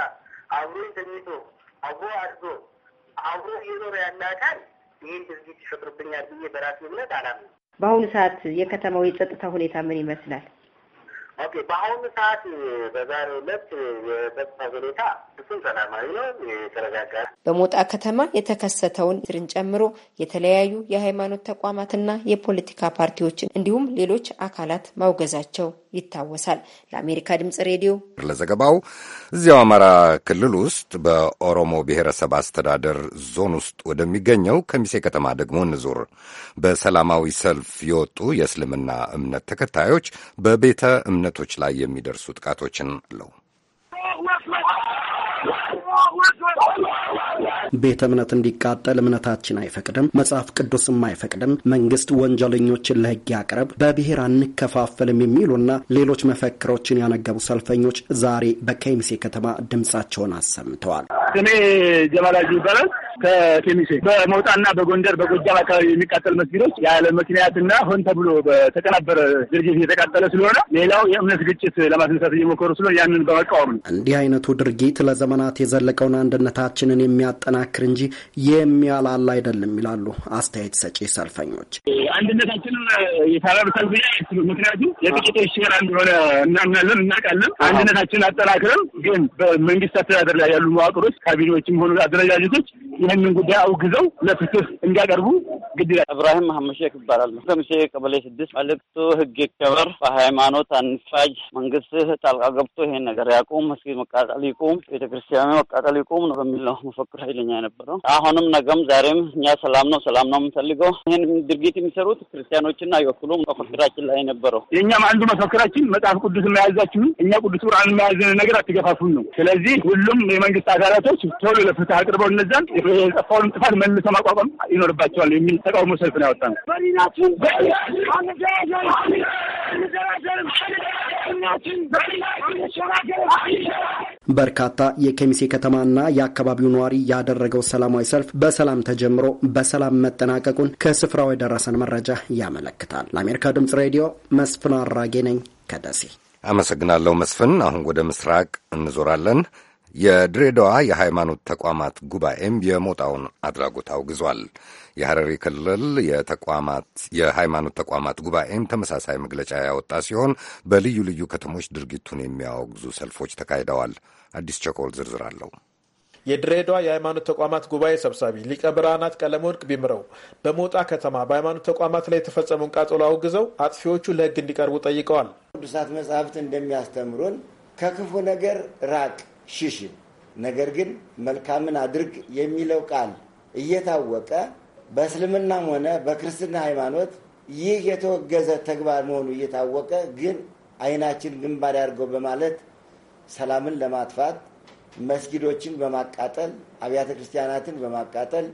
አብሮኝ ተኝቶ አብሮ አድጎ አብሮ እየኖረ ያለ አካል ይህን ድርጊት ይፈጥርብኛል ብዬ በራሴ እምነት አላምንም። በአሁኑ ሰዓት የከተማው የጸጥታ ሁኔታ ምን ይመስላል? ኦኬ፣ በአሁኑ ሰዓት በዛሬው ዕለት የጸጥታ ሁኔታ እሱም ሰላማዊ ነው፣ የተረጋጋ። በሞጣ ከተማ የተከሰተውን ስርን ጨምሮ የተለያዩ የሃይማኖት ተቋማትና የፖለቲካ ፓርቲዎች እንዲሁም ሌሎች አካላት ማውገዛቸው ይታወሳል። ለአሜሪካ ድምጽ ሬዲዮ ለዘገባው እዚያው አማራ ክልል ውስጥ በኦሮሞ ብሔረሰብ አስተዳደር ዞን ውስጥ ወደሚገኘው ከሚሴ ከተማ ደግሞ እንዙር። በሰላማዊ ሰልፍ የወጡ የእስልምና እምነት ተከታዮች በቤተ እምነቶች ላይ የሚደርሱ ጥቃቶችን አለው ቤተ እምነት እንዲቃጠል እምነታችን አይፈቅድም፣ መጽሐፍ ቅዱስም አይፈቅድም። መንግስት ወንጀለኞችን ለህግ ያቅርብ፣ በብሔር አንከፋፈልም የሚሉና ሌሎች መፈክሮችን ያነገቡ ሰልፈኞች ዛሬ በከሚሴ ከተማ ድምጻቸውን አሰምተዋል። ስሜ ጀማላጅ ይባላል። ከኬሚሴ በመውጣና በጎንደር በጎጃም አካባቢ የሚቃጠል መስጊዶች ያለ ምክንያትና ሆን ተብሎ በተቀናበረ ድርጊት እየተቃጠለ ስለሆነ ሌላው የእምነት ግጭት ለማስነሳት እየሞከሩ ስለሆነ ያንን በመቃወም ነው። እንዲህ አይነቱ ድርጊት ለዘመናት የዘለቀውን አንድነታችንን የሚያጠናክር እንጂ የሚያላላ አይደለም ይላሉ አስተያየት ሰጪ ሰልፈኞች። አንድነታችንን የታረር ሰልፍ ምክንያቱ የጥቂቶች ሴራ እንደሆነ እናምናለን፣ እናውቃለን። አንድነታችንን አጠናክረን ግን በመንግስት አስተዳደር ላይ ያሉ መዋቅሮች ካቢኔዎችም ሆኑ አደረጃጀቶች ይህንን ጉዳይ አውግዘው ለፍትህ እንዲያቀርቡ ግድ ይላል። እብራሂም መሐመድ ሼክ ይባላል። ከምሴ ቀበሌ ስድስት መልእክቱ ህግ ይከበር፣ በሃይማኖት አንፋጅ፣ መንግስት ጣልቃ ገብቶ ይሄን ነገር ያቁም፣ መስጊድ መቃጠል ይቁም፣ ቤተክርስቲያኑ መቃጠል ይቁም ነው በሚል ነው መፈክር ኃይለኛ የነበረው። አሁንም ነገም ዛሬም እኛ ሰላም ነው ሰላም ነው የምንፈልገው። ይህን ድርጊት የሚሰሩት ክርስቲያኖችን አይወክሉም። መፈክራችን ላይ ነበረው። የእኛም አንዱ መፈክራችን መጽሐፍ ቅዱስ የያዛችሁ እኛ ቅዱስ ቁርአን መያዝን ነገር አትገፋፉም ነው። ስለዚህ ሁሉም የመንግስት አካላቶች ሰዎች ቶሎ ለፍትህ አቅርበው እነዛን የጠፋውን ጥፋት መልሶ ማቋቋም ይኖርባቸዋል የሚል ተቃውሞ ሰልፍ ነው ያወጣ ነው። በርካታ የከሚሴ ከተማና የአካባቢው ነዋሪ ያደረገው ሰላማዊ ሰልፍ በሰላም ተጀምሮ በሰላም መጠናቀቁን ከስፍራው የደረሰን መረጃ ያመለክታል። ለአሜሪካ ድምጽ ሬዲዮ መስፍን አራጌ ነኝ ከደሴ አመሰግናለሁ መስፍን። አሁን ወደ ምስራቅ እንዞራለን። የድሬዳዋ የሃይማኖት ተቋማት ጉባኤም የሞጣውን አድራጎት አውግዟል። የሐረሪ ክልል የተቋማት የሃይማኖት ተቋማት ጉባኤም ተመሳሳይ መግለጫ ያወጣ ሲሆን በልዩ ልዩ ከተሞች ድርጊቱን የሚያወግዙ ሰልፎች ተካሂደዋል። አዲስ ቸኮል ዝርዝር አለው። የድሬዳዋ የሃይማኖት ተቋማት ጉባኤ ሰብሳቢ ሊቀ ብርሃናት ወርቅ ቢምረው በሞጣ ከተማ በሃይማኖት ተቋማት ላይ የተፈጸመውን ቃጠሎ አውግዘው አጥፊዎቹ ለሕግ እንዲቀርቡ ጠይቀዋል። ቅዱሳት መጽሐፍት እንደሚያስተምሩን ከክፉ ነገር ራቅ ሽሽ፣ ነገር ግን መልካምን አድርግ የሚለው ቃል እየታወቀ በእስልምናም ሆነ በክርስትና ሃይማኖት ይህ የተወገዘ ተግባር መሆኑ እየታወቀ ግን አይናችን ግንባር ያድርገው በማለት ሰላምን ለማጥፋት መስጊዶችን በማቃጠል አብያተ ክርስቲያናትን በማቃጠል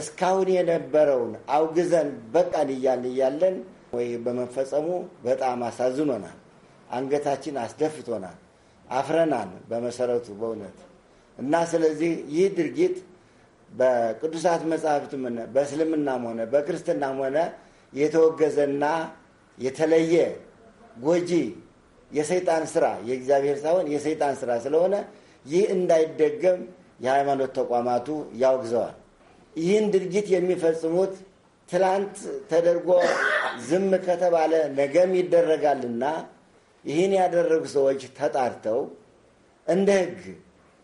እስካሁን የነበረውን አውግዘን በቃን እያልን እያለን ወይ በመፈጸሙ በጣም አሳዝኖናል። አንገታችን አስደፍቶናል። አፍረናን በመሰረቱ በእውነት እና ስለዚህ ይህ ድርጊት በቅዱሳት መጽሐፍትም ሆነ በእስልምናም ሆነ በክርስትናም ሆነ የተወገዘና የተለየ ጎጂ የሰይጣን ስራ የእግዚአብሔር ሳይሆን የሰይጣን ስራ ስለሆነ ይህ እንዳይደገም የሃይማኖት ተቋማቱ ያውግዘዋል። ይህን ድርጊት የሚፈጽሙት ትላንት ተደርጎ ዝም ከተባለ ነገም ይደረጋልና ይህን ያደረጉ ሰዎች ተጣርተው እንደ ህግ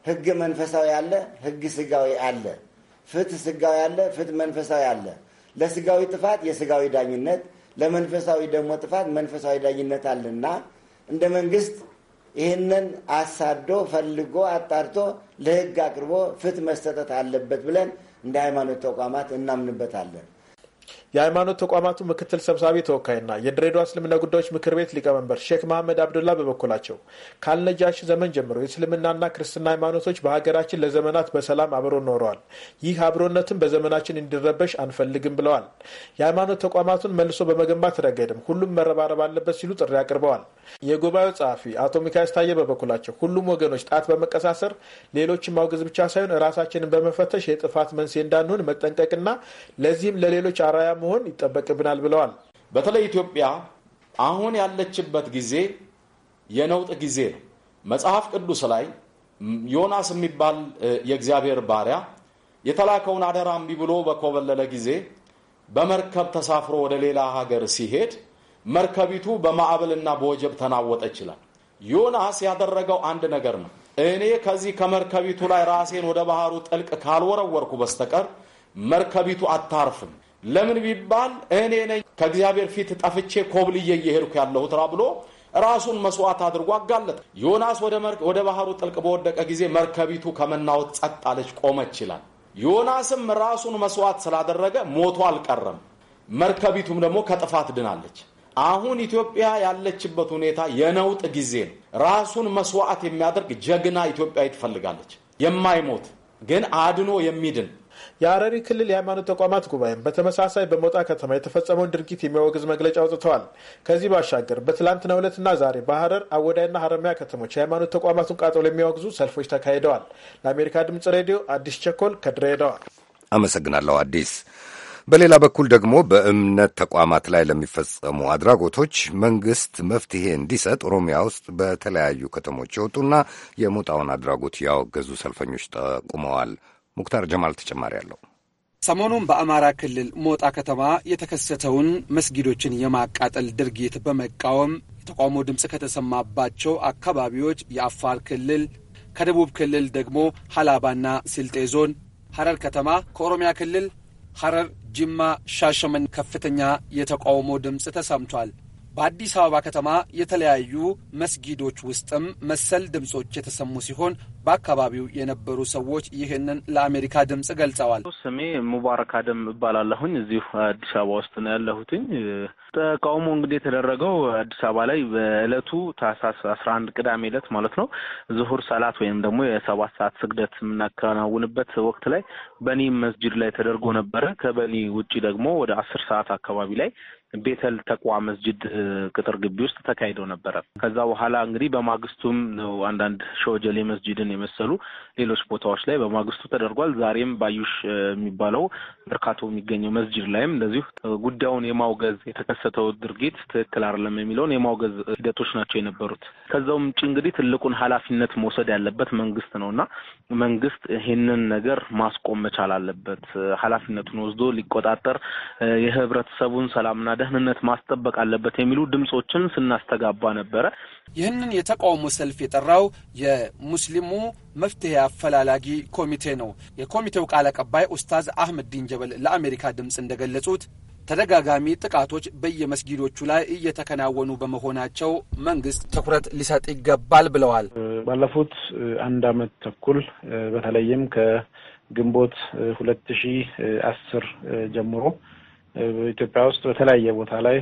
ህግ መንፈሳዊ አለ፣ ህግ ስጋዊ አለ፣ ፍትህ ስጋዊ አለ፣ ፍትህ መንፈሳዊ አለ። ለስጋዊ ጥፋት የስጋዊ ዳኝነት፣ ለመንፈሳዊ ደግሞ ጥፋት መንፈሳዊ ዳኝነት አለና እንደ መንግስት ይህንን አሳዶ ፈልጎ አጣርቶ ለህግ አቅርቦ ፍትህ መሰጠት አለበት ብለን እንደ ሃይማኖት ተቋማት እናምንበታለን። የሃይማኖት ተቋማቱ ምክትል ሰብሳቢ ተወካይና የድሬዳዋ እስልምና ጉዳዮች ምክር ቤት ሊቀመንበር ሼክ መሐመድ አብዱላ በበኩላቸው ካልነጃሽ ዘመን ጀምሮ የእስልምናና ክርስትና ሃይማኖቶች በሀገራችን ለዘመናት በሰላም አብሮ ኖረዋል። ይህ አብሮነትም በዘመናችን እንዲረበሽ አንፈልግም ብለዋል። የሃይማኖት ተቋማቱን መልሶ በመገንባት ረገድም ሁሉም መረባረብ አለበት ሲሉ ጥሪ አቅርበዋል። የጉባኤው ጸሐፊ አቶ ሚካኤል ታየ በበኩላቸው ሁሉም ወገኖች ጣት በመቀሳሰር ሌሎችን ማውገዝ ብቻ ሳይሆን ራሳችንን በመፈተሽ የጥፋት መንስኤ እንዳንሆን መጠንቀቅና ለዚህም ለሌሎች አራያ መሆን ይጠበቅብናል ብለዋል። በተለይ ኢትዮጵያ አሁን ያለችበት ጊዜ የነውጥ ጊዜ ነው። መጽሐፍ ቅዱስ ላይ ዮናስ የሚባል የእግዚአብሔር ባሪያ የተላከውን አደራ እምቢ ብሎ በኮበለለ ጊዜ በመርከብ ተሳፍሮ ወደ ሌላ ሀገር ሲሄድ መርከቢቱ በማዕበልና በወጀብ ተናወጠ ይችላል። ዮናስ ያደረገው አንድ ነገር ነው። እኔ ከዚህ ከመርከቢቱ ላይ ራሴን ወደ ባህሩ ጥልቅ ካልወረወርኩ በስተቀር መርከቢቱ አታርፍም ለምን ቢባል እኔ ነኝ ከእግዚአብሔር ፊት ጠፍቼ ኮብልዬ እየሄድኩ ያለሁት ብሎ ራሱን መስዋዕት አድርጎ አጋለጠ። ዮናስ ወደ ባህሩ ጥልቅ በወደቀ ጊዜ መርከቢቱ ከመናወጥ ጸጥ አለች፣ ቆመች ይላል። ዮናስም ራሱን መስዋዕት ስላደረገ ሞቶ አልቀረም። መርከቢቱም ደግሞ ከጥፋት ድናለች። አሁን ኢትዮጵያ ያለችበት ሁኔታ የነውጥ ጊዜ ነው። ራሱን መስዋዕት የሚያደርግ ጀግና ኢትዮጵያ ትፈልጋለች። የማይሞት ግን አድኖ የሚድን የአረሪ ክልል የሃይማኖት ተቋማት ጉባኤም በተመሳሳይ በሞጣ ከተማ የተፈጸመውን ድርጊት የሚያወግዝ መግለጫ አውጥተዋል። ከዚህ ባሻገር በትላንትናው ዕለትና ዛሬ በሀረር አወዳይና ሀረማያ ከተሞች የሃይማኖት ተቋማቱን ቃጠሎ የሚያወግዙ ሰልፎች ተካሂደዋል። ለአሜሪካ ድምጽ ሬዲዮ አዲስ ቸኮል ከድሬዳዋ አመሰግናለሁ። አዲስ በሌላ በኩል ደግሞ በእምነት ተቋማት ላይ ለሚፈጸሙ አድራጎቶች መንግስት መፍትሄ እንዲሰጥ ኦሮሚያ ውስጥ በተለያዩ ከተሞች የወጡና የሞጣውን አድራጎት ያወገዙ ሰልፈኞች ጠቁመዋል። ሙክታር ጀማል ተጨማሪ አለው። ሰሞኑን በአማራ ክልል ሞጣ ከተማ የተከሰተውን መስጊዶችን የማቃጠል ድርጊት በመቃወም የተቃውሞ ድምፅ ከተሰማባቸው አካባቢዎች የአፋር ክልል፣ ከደቡብ ክልል ደግሞ ሀላባና ስልጤ ዞን፣ ሐረር ከተማ፣ ከኦሮሚያ ክልል ሐረር፣ ጅማ፣ ሻሸመን ከፍተኛ የተቃውሞ ድምፅ ተሰምቷል። በአዲስ አበባ ከተማ የተለያዩ መስጊዶች ውስጥም መሰል ድምጾች የተሰሙ ሲሆን በአካባቢው የነበሩ ሰዎች ይህንን ለአሜሪካ ድምጽ ገልጸዋል። ስሜ ሙባረክ አደም እባላለሁኝ። እዚሁ አዲስ አበባ ውስጥ ነው ያለሁትኝ። ተቃውሞ እንግዲህ የተደረገው አዲስ አበባ ላይ በእለቱ ታህሳስ አስራ አንድ ቅዳሜ እለት ማለት ነው ዙሁር ሰላት ወይም ደግሞ የሰባት ሰዓት ስግደት የምናከናውንበት ወቅት ላይ በኒ መስጅድ ላይ ተደርጎ ነበረ። ከበኒ ውጭ ደግሞ ወደ አስር ሰዓት አካባቢ ላይ ቤተል ተቋ መስጅድ ቅጥር ግቢ ውስጥ ተካሂዶ ነበረ። ከዛ በኋላ እንግዲህ በማግስቱም ነው አንዳንድ ሸወጀሌ መስጅድን የመሰሉ ሌሎች ቦታዎች ላይ በማግስቱ ተደርጓል። ዛሬም ባዩሽ የሚባለው መርካቶ የሚገኘው መስጅድ ላይም እንደዚሁ ጉዳዩን የማውገዝ የተከሰተው ድርጊት ትክክል አይደለም የሚለውን የማውገዝ ሂደቶች ናቸው የነበሩት። ከዛውም ውጭ እንግዲህ ትልቁን ኃላፊነት መውሰድ ያለበት መንግስት ነው እና መንግስት ይህንን ነገር ማስቆም መቻል አለበት። ኃላፊነቱን ወስዶ ሊቆጣጠር የህብረተሰቡን ሰላምና ደህንነት ማስጠበቅ አለበት የሚሉ ድምፆችን ስናስተጋባ ነበረ። ይህንን የተቃውሞ ሰልፍ የጠራው የሙስሊሙ መፍትሄ አፈላላጊ ኮሚቴ ነው። የኮሚቴው ቃል አቀባይ ኡስታዝ አህመድ ዲን ጀበል ለአሜሪካ ድምፅ እንደገለጹት ተደጋጋሚ ጥቃቶች በየመስጊዶቹ ላይ እየተከናወኑ በመሆናቸው መንግስት ትኩረት ሊሰጥ ይገባል ብለዋል። ባለፉት አንድ አመት ተኩል በተለይም ከግንቦት ሁለት ሺ አስር ጀምሮ በኢትዮጵያ ውስጥ በተለያየ ቦታ ላይ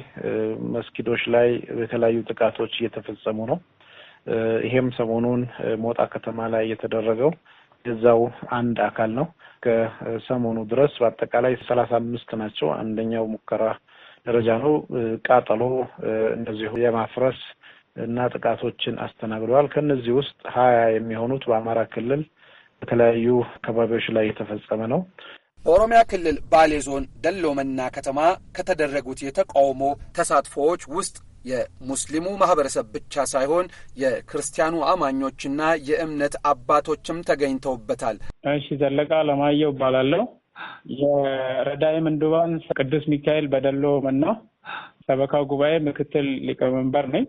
መስጊዶች ላይ የተለያዩ ጥቃቶች እየተፈጸሙ ነው። ይሄም ሰሞኑን ሞጣ ከተማ ላይ የተደረገው የዛው አንድ አካል ነው። ከሰሞኑ ድረስ በአጠቃላይ ሰላሳ አምስት ናቸው። አንደኛው ሙከራ ደረጃ ነው። ቃጠሎ እንደዚሁ የማፍረስ እና ጥቃቶችን አስተናግደዋል። ከነዚህ ውስጥ ሀያ የሚሆኑት በአማራ ክልል በተለያዩ አካባቢዎች ላይ የተፈጸመ ነው። በኦሮሚያ ክልል ባሌ ዞን ደሎመና ከተማ ከተደረጉት የተቃውሞ ተሳትፎዎች ውስጥ የሙስሊሙ ማህበረሰብ ብቻ ሳይሆን የክርስቲያኑ አማኞችና የእምነት አባቶችም ተገኝተውበታል። እሺ፣ ዘለቃ ለማየው እባላለሁ። የረዳይ ምንዱባን ቅዱስ ሚካኤል በደሎ መና ሰበካ ጉባኤ ምክትል ሊቀመንበር ነኝ።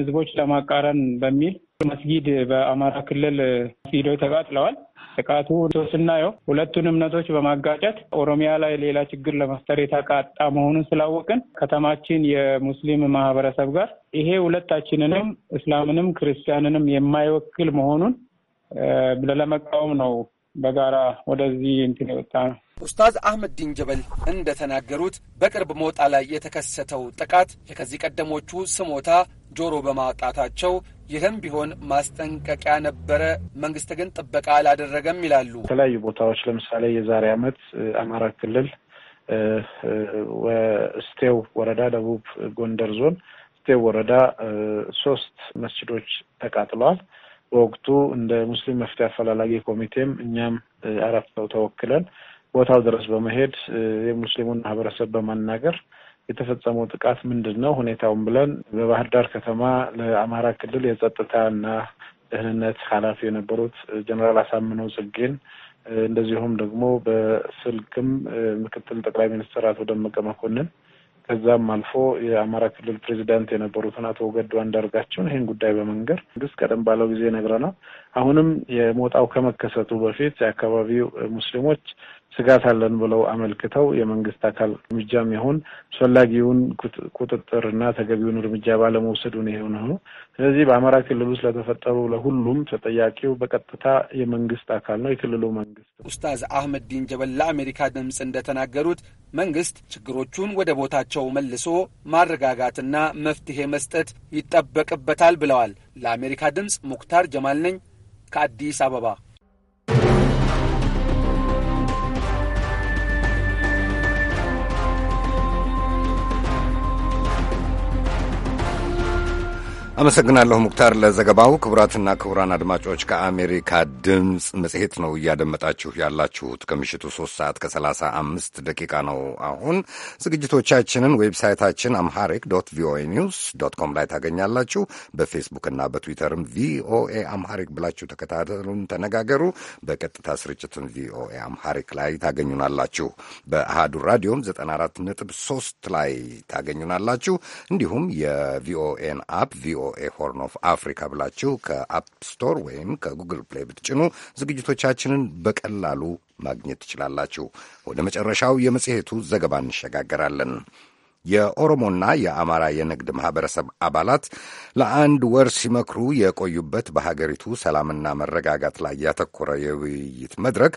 ህዝቦች ለማቃረን በሚል መስጊድ በአማራ ክልል መስጊዶች ተቃጥለዋል። ጥቃቱ ስናየው ሁለቱን እምነቶች በማጋጨት ኦሮሚያ ላይ ሌላ ችግር ለመፍጠር የተቃጣ መሆኑን ስላወቅን ከተማችን የሙስሊም ማህበረሰብ ጋር ይሄ ሁለታችንንም እስላምንም ክርስቲያንንም የማይወክል መሆኑን ለመቃወም ነው በጋራ ወደዚህ እንትን የወጣ ነው። ኡስታዝ አህመድ ዲን ጀበል እንደተናገሩት በቅርብ ሞጣ ላይ የተከሰተው ጥቃት የከዚህ ቀደሞቹ ስሞታ ጆሮ በማጣታቸው ይህም ቢሆን ማስጠንቀቂያ ነበረ፣ መንግስት ግን ጥበቃ አላደረገም ይላሉ። የተለያዩ ቦታዎች ለምሳሌ የዛሬ ዓመት አማራ ክልል ስቴው ወረዳ ደቡብ ጎንደር ዞን ስቴው ወረዳ ሶስት መስጅዶች ተቃጥለዋል። በወቅቱ እንደ ሙስሊም መፍትሄ አፈላላጊ ኮሚቴም እኛም አራት ሰው ተወክለን ቦታው ድረስ በመሄድ የሙስሊሙን ማህበረሰብ በማናገር የተፈጸመው ጥቃት ምንድን ነው ሁኔታውን ብለን በባህር ዳር ከተማ ለአማራ ክልል የጸጥታና ደህንነት ኃላፊ የነበሩት ጀኔራል አሳምነው ጽጌን እንደዚሁም ደግሞ በስልክም ምክትል ጠቅላይ ሚኒስትር አቶ ደመቀ መኮንን ከዛም አልፎ የአማራ ክልል ፕሬዚዳንት የነበሩትን አቶ ገዱ አንዳርጋቸውን ይህን ጉዳይ በመንገር መንግስት ቀደም ባለው ጊዜ ነግረናል። አሁንም የሞጣው ከመከሰቱ በፊት የአካባቢው ሙስሊሞች ስጋት አለን ብለው አመልክተው የመንግስት አካል እርምጃም ይሁን አስፈላጊውን ቁጥጥርና ተገቢውን እርምጃ ባለመውሰዱ ነው የሆነ ነው። ስለዚህ በአማራ ክልል ውስጥ ለተፈጠሩ ለሁሉም ተጠያቂው በቀጥታ የመንግስት አካል ነው የክልሉ መንግስት። ኡስታዝ አህመድ ዲን ጀበል ለአሜሪካ ድምፅ እንደተናገሩት መንግስት ችግሮቹን ወደ ቦታቸው መልሶ ማረጋጋትና መፍትሄ መስጠት ይጠበቅበታል ብለዋል። ለአሜሪካ ድምፅ ሙክታር ጀማል ነኝ ከአዲስ አበባ። አመሰግናለሁ ሙክታር ለዘገባው። ክቡራትና ክቡራን አድማጮች ከአሜሪካ ድምፅ መጽሔት ነው እያደመጣችሁ ያላችሁት። ከምሽቱ 3 ሰዓት ከ35 ደቂቃ ነው። አሁን ዝግጅቶቻችንን ዌብሳይታችን አምሃሪክ ዶት ቪኦኤ ኒውስ ዶት ኮም ላይ ታገኛላችሁ። በፌስቡክና በትዊተርም ቪኦኤ አምሃሪክ ብላችሁ ተከታተሉን፣ ተነጋገሩ። በቀጥታ ስርጭትም ቪኦኤ አምሃሪክ ላይ ታገኙናላችሁ። በአሃዱ ራዲዮም 94.3 ላይ ታገኙናላችሁ። እንዲሁም የቪኦኤን አፕ ቪኦኤ ሆርን ኦፍ አፍሪካ ብላችሁ ከአፕ ስቶር ወይም ከጉግል ፕሌይ ብትጭኑ ዝግጅቶቻችንን በቀላሉ ማግኘት ትችላላችሁ። ወደ መጨረሻው የመጽሔቱ ዘገባ እንሸጋገራለን። የኦሮሞና የአማራ የንግድ ማኅበረሰብ አባላት ለአንድ ወር ሲመክሩ የቆዩበት በሀገሪቱ ሰላምና መረጋጋት ላይ ያተኮረ የውይይት መድረክ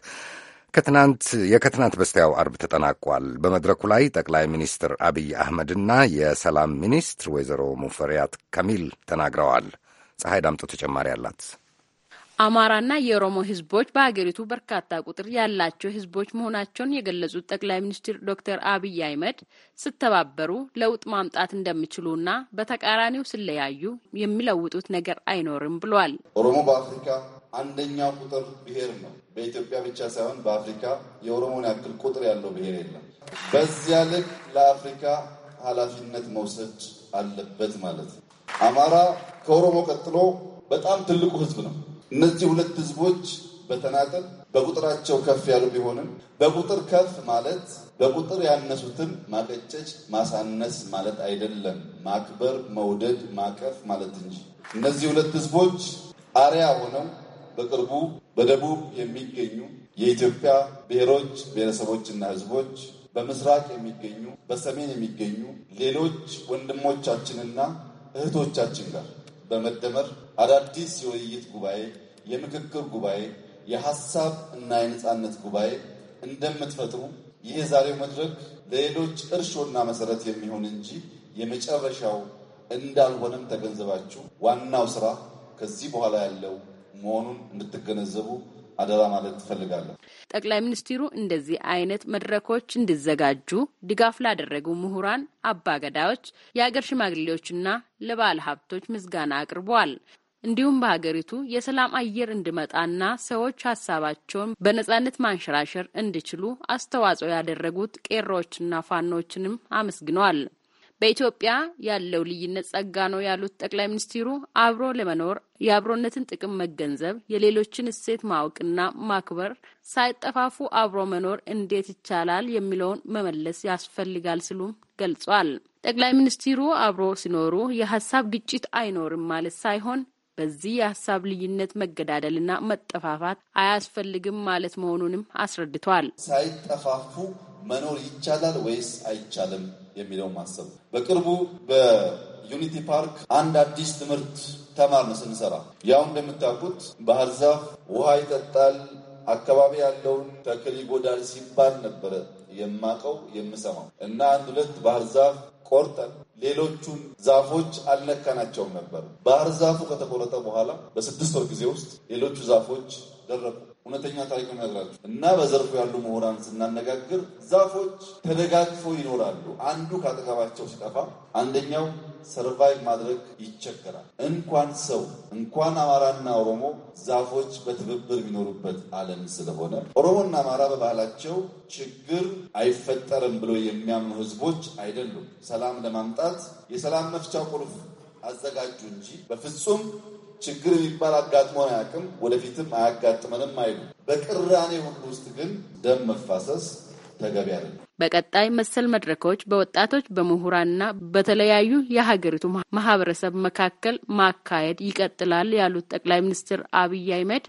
ከትናንት የከትናንት በስቲያው አርብ ተጠናቋል። በመድረኩ ላይ ጠቅላይ ሚኒስትር አብይ አህመድና የሰላም ሚኒስትር ወይዘሮ ሙፈሪያት ከሚል ተናግረዋል። ፀሐይ ዳምጦ ተጨማሪ አላት። አማራና የኦሮሞ ህዝቦች በሀገሪቱ በርካታ ቁጥር ያላቸው ህዝቦች መሆናቸውን የገለጹት ጠቅላይ ሚኒስትር ዶክተር አብይ አህመድ ስተባበሩ ለውጥ ማምጣት እንደሚችሉና በተቃራኒው ስለያዩ የሚለውጡት ነገር አይኖርም ብሏል። ኦሮሞ በአፍሪካ አንደኛው ቁጥር ብሔር ነው። በኢትዮጵያ ብቻ ሳይሆን በአፍሪካ የኦሮሞን ያክል ቁጥር ያለው ብሔር የለም። በዚያ ልክ ለአፍሪካ ኃላፊነት መውሰድ አለበት ማለት ነው። አማራ ከኦሮሞ ቀጥሎ በጣም ትልቁ ህዝብ ነው። እነዚህ ሁለት ህዝቦች በተናጠል በቁጥራቸው ከፍ ያሉ ቢሆንም በቁጥር ከፍ ማለት በቁጥር ያነሱትን ማቀጨጭ፣ ማሳነስ ማለት አይደለም። ማክበር፣ መውደድ፣ ማቀፍ ማለት እንጂ እነዚህ ሁለት ህዝቦች አሪያ ሆነው በቅርቡ በደቡብ የሚገኙ የኢትዮጵያ ብሔሮች ብሔረሰቦችና ሕዝቦች በምስራቅ የሚገኙ በሰሜን የሚገኙ ሌሎች ወንድሞቻችንና እህቶቻችን ጋር በመደመር አዳዲስ የውይይት ጉባኤ፣ የምክክር ጉባኤ፣ የሀሳብ እና የነፃነት ጉባኤ እንደምትፈጥሩ ይህ የዛሬው መድረክ ለሌሎች እርሾና መሰረት የሚሆን እንጂ የመጨረሻው እንዳልሆነም ተገንዘባችሁ ዋናው ስራ ከዚህ በኋላ ያለው መሆኑን እንድትገነዘቡ አደራ ማለት ትፈልጋለሁ። ጠቅላይ ሚኒስትሩ እንደዚህ አይነት መድረኮች እንዲዘጋጁ ድጋፍ ላደረጉ ምሁራን፣ አባገዳዎች የአገር ሽማግሌዎችና ለባለ ሀብቶች ምስጋና አቅርበዋል። እንዲሁም በሀገሪቱ የሰላም አየር እንዲመጣና ሰዎች ሀሳባቸውን በነጻነት ማንሸራሸር እንዲችሉ አስተዋጽኦ ያደረጉት ቄሮዎችና ፋኖችንም አመስግነዋል። በኢትዮጵያ ያለው ልዩነት ጸጋ ነው ያሉት ጠቅላይ ሚኒስትሩ አብሮ ለመኖር የአብሮነትን ጥቅም መገንዘብ፣ የሌሎችን እሴት ማወቅና ማክበር፣ ሳይጠፋፉ አብሮ መኖር እንዴት ይቻላል የሚለውን መመለስ ያስፈልጋል ሲሉም ገልጿል። ጠቅላይ ሚኒስትሩ አብሮ ሲኖሩ የሀሳብ ግጭት አይኖርም ማለት ሳይሆን በዚህ የሀሳብ ልዩነት መገዳደልና መጠፋፋት አያስፈልግም ማለት መሆኑንም አስረድቷል። ሳይጠፋፉ መኖር ይቻላል ወይስ አይቻልም የሚለው ማሰብ። በቅርቡ በዩኒቲ ፓርክ አንድ አዲስ ትምህርት ተማርን ስንሰራ። ያው እንደምታውቁት ባህር ዛፍ ውሃ ይጠጣል፣ አካባቢ ያለውን ተክል ይጎዳል ሲባል ነበረ የማቀው የምሰማው እና አንድ ሁለት ባህር ዛፍ ቆርጠን ሌሎቹም ዛፎች አልነካናቸውም ነበር። ባህር ዛፉ ከተቆረጠ በኋላ በስድስት ወር ጊዜ ውስጥ ሌሎቹ ዛፎች ደረቁ። እውነተኛ ታሪክ ነው ያዝራል እና በዘርፉ ያሉ ምሁራን ስናነጋግር ዛፎች ተደጋግፈው ይኖራሉ። አንዱ ካጠገባቸው ሲጠፋ አንደኛው ሰርቫይቭ ማድረግ ይቸገራል። እንኳን ሰው እንኳን አማራና ኦሮሞ ዛፎች በትብብር የሚኖሩበት ዓለም ስለሆነ ኦሮሞና አማራ በባህላቸው ችግር አይፈጠርም ብሎ የሚያምኑ ህዝቦች አይደሉም። ሰላም ለማምጣት የሰላም መፍቻ ቁልፍ አዘጋጁ እንጂ በፍጹም ችግር የሚባል አጋጥሞን አያውቅም፣ ወደፊትም አያጋጥመንም አይሉ። በቅራኔ ሁሉ ውስጥ ግን ደም መፋሰስ ተገቢ አይደለም። በቀጣይ መሰል መድረኮች በወጣቶች በምሁራንና በተለያዩ የሀገሪቱ ማህበረሰብ መካከል ማካሄድ ይቀጥላል ያሉት ጠቅላይ ሚኒስትር አብይ አህመድ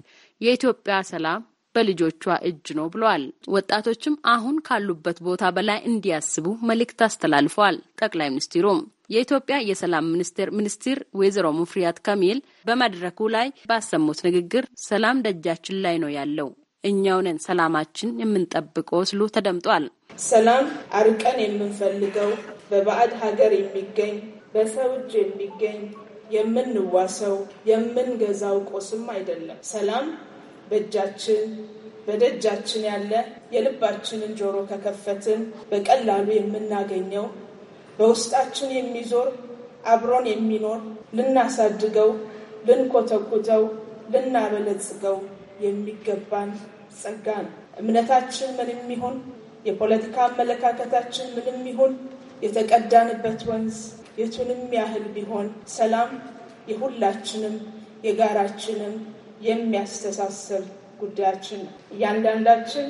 የኢትዮጵያ ሰላም በልጆቿ እጅ ነው ብለዋል። ወጣቶችም አሁን ካሉበት ቦታ በላይ እንዲያስቡ መልእክት አስተላልፈዋል። ጠቅላይ ሚኒስትሩም የኢትዮጵያ የሰላም ሚኒስቴር ሚኒስትር ወይዘሮ ሙፍሪያት ካሚል በመድረኩ ላይ ባሰሙት ንግግር ሰላም ደጃችን ላይ ነው ያለው እኛውንን ሰላማችን የምንጠብቀው ስሉ ተደምጧል። ሰላም አርቀን የምንፈልገው በባዕድ ሀገር የሚገኝ በሰው እጅ የሚገኝ የምንዋሰው የምንገዛው ቁስም አይደለም። ሰላም በእጃችን በደጃችን ያለ የልባችንን ጆሮ ከከፈትን በቀላሉ የምናገኘው በውስጣችን የሚዞር አብሮን የሚኖር ልናሳድገው፣ ልንኮተኩተው፣ ልናበለጽገው የሚገባን ጸጋ ነው። እምነታችን ምንም ይሁን የፖለቲካ አመለካከታችን ምንም ይሁን የተቀዳንበት ወንዝ የቱንም ያህል ቢሆን ሰላም የሁላችንም የጋራችንም የሚያስተሳስር ጉዳያችን ነው። እያንዳንዳችን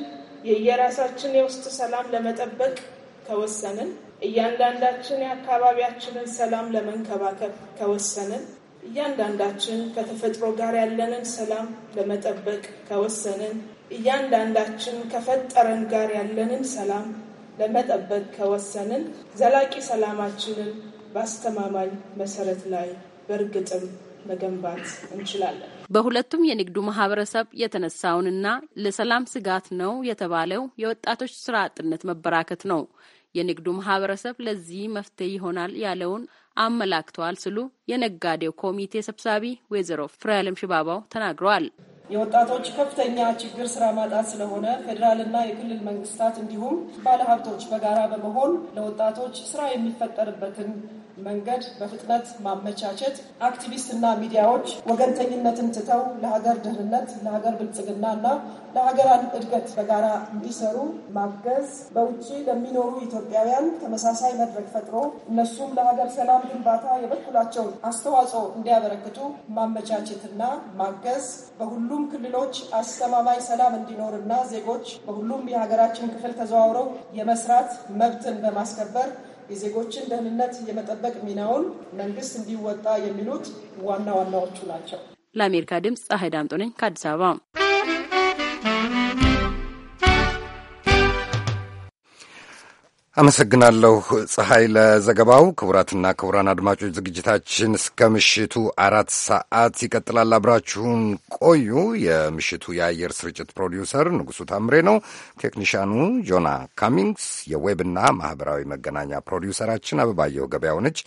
የየራሳችን የውስጥ ሰላም ለመጠበቅ ከወሰንን እያንዳንዳችን የአካባቢያችንን ሰላም ለመንከባከብ ከወሰንን፣ እያንዳንዳችን ከተፈጥሮ ጋር ያለንን ሰላም ለመጠበቅ ከወሰንን፣ እያንዳንዳችን ከፈጠረን ጋር ያለንን ሰላም ለመጠበቅ ከወሰንን ዘላቂ ሰላማችንን በአስተማማኝ መሰረት ላይ በእርግጥም መገንባት እንችላለን። በሁለቱም የንግዱ ማህበረሰብ የተነሳውንና ለሰላም ስጋት ነው የተባለው የወጣቶች ስራ አጥነት መበራከት ነው። የንግዱ ማህበረሰብ ለዚህ መፍትሄ ይሆናል ያለውን አመላክተዋል ሲሉ የነጋዴው ኮሚቴ ሰብሳቢ ወይዘሮ ፍሬያለም ሽባባው ተናግረዋል። የወጣቶች ከፍተኛ ችግር ስራ ማጣት ስለሆነ ፌዴራልና የክልል መንግስታት እንዲሁም ባለሀብቶች በጋራ በመሆን ለወጣቶች ስራ የሚፈጠርበትን መንገድ በፍጥነት ማመቻቸት፣ አክቲቪስትና ሚዲያዎች ወገንተኝነትን ትተው ለሀገር ደህንነት፣ ለሀገር ብልጽግና እና ለሀገር እድገት በጋራ እንዲሰሩ ማገዝ፣ በውጭ ለሚኖሩ ኢትዮጵያውያን ተመሳሳይ መድረክ ፈጥሮ እነሱም ለሀገር ሰላም ግንባታ የበኩላቸውን አስተዋጽኦ እንዲያበረክቱ ማመቻቸትና ማገዝ በሁሉ በሁሉም ክልሎች አስተማማኝ ሰላም እንዲኖርና ዜጎች በሁሉም የሀገራችን ክፍል ተዘዋውረው የመስራት መብትን በማስከበር የዜጎችን ደህንነት የመጠበቅ ሚናውን መንግስት እንዲወጣ የሚሉት ዋና ዋናዎቹ ናቸው። ለአሜሪካ ድምፅ ፀሐይ ዳምጦ ነኝ ከአዲስ አበባ። አመሰግናለሁ ፀሐይ ለዘገባው። ክቡራትና ክቡራን አድማጮች ዝግጅታችን እስከ ምሽቱ አራት ሰዓት ይቀጥላል። አብራችሁን ቆዩ። የምሽቱ የአየር ስርጭት ፕሮዲውሰር ንጉሡ ታምሬ ነው። ቴክኒሻኑ ጆና ካሚንግስ፣ የዌብና ማኅበራዊ መገናኛ ፕሮዲውሰራችን አበባየሁ ገበያው ነች።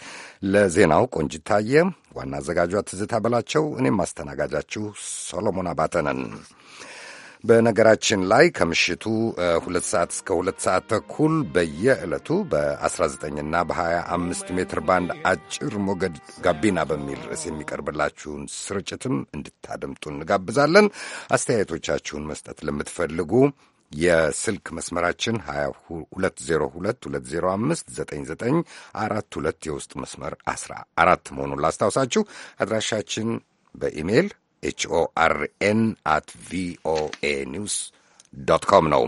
ለዜናው ቆንጅት ታየ፣ ዋና አዘጋጇ ትዝታ በላቸው፣ እኔም አስተናጋጃችሁ ሶሎሞን አባተ ነን። በነገራችን ላይ ከምሽቱ ሁለት ሰዓት እስከ ሁለት ሰዓት ተኩል በየዕለቱ በ19ና በ25 ሜትር ባንድ አጭር ሞገድ ጋቢና በሚል ርዕስ የሚቀርብላችሁን ስርጭትም እንድታደምጡ እንጋብዛለን። አስተያየቶቻችሁን መስጠት ለምትፈልጉ የስልክ መስመራችን 2202205994 የውስጥ መስመር 14 መሆኑን ላስታውሳችሁ። አድራሻችን በኢሜይል ኤችኦአርኤን አት ቪኦኤ ኒውስ ዶት ኮም ነው።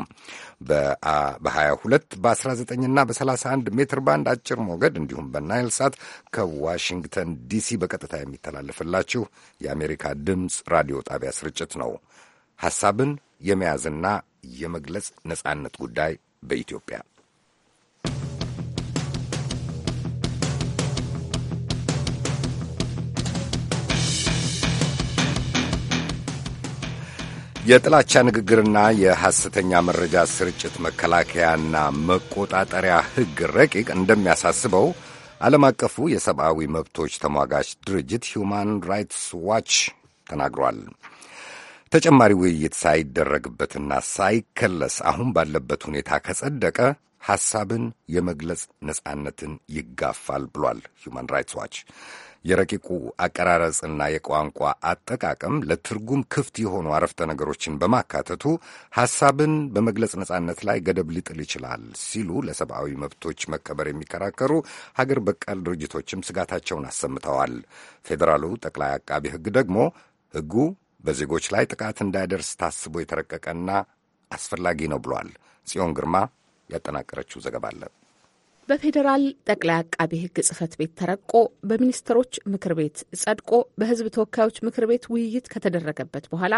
በ22 በ19ና በ31 ሜትር ባንድ አጭር ሞገድ እንዲሁም በናይል ሳት ከዋሽንግተን ዲሲ በቀጥታ የሚተላለፍላችሁ የአሜሪካ ድምፅ ራዲዮ ጣቢያ ስርጭት ነው። ሐሳብን የመያዝና የመግለጽ ነጻነት ጉዳይ በኢትዮጵያ የጥላቻ ንግግርና የሐሰተኛ መረጃ ስርጭት መከላከያና መቆጣጠሪያ ሕግ ረቂቅ እንደሚያሳስበው ዓለም አቀፉ የሰብአዊ መብቶች ተሟጋች ድርጅት ሁማን ራይትስ ዋች ተናግሯል። ተጨማሪ ውይይት ሳይደረግበትና ሳይከለስ አሁን ባለበት ሁኔታ ከጸደቀ ሐሳብን የመግለጽ ነጻነትን ይጋፋል ብሏል ሁማን ራይትስ ዋች። የረቂቁ አቀራረጽና የቋንቋ አጠቃቀም ለትርጉም ክፍት የሆኑ አረፍተ ነገሮችን በማካተቱ ሐሳብን በመግለጽ ነጻነት ላይ ገደብ ሊጥል ይችላል ሲሉ ለሰብአዊ መብቶች መከበር የሚከራከሩ ሀገር በቀል ድርጅቶችም ስጋታቸውን አሰምተዋል። ፌዴራሉ ጠቅላይ አቃቢ ሕግ ደግሞ ሕጉ በዜጎች ላይ ጥቃት እንዳይደርስ ታስቦ የተረቀቀና አስፈላጊ ነው ብሏል። ጽዮን ግርማ ያጠናቀረችው ዘገባ አለ። በፌዴራል ጠቅላይ አቃቤ ሕግ ጽህፈት ቤት ተረቆ በሚኒስትሮች ምክር ቤት ጸድቆ በሕዝብ ተወካዮች ምክር ቤት ውይይት ከተደረገበት በኋላ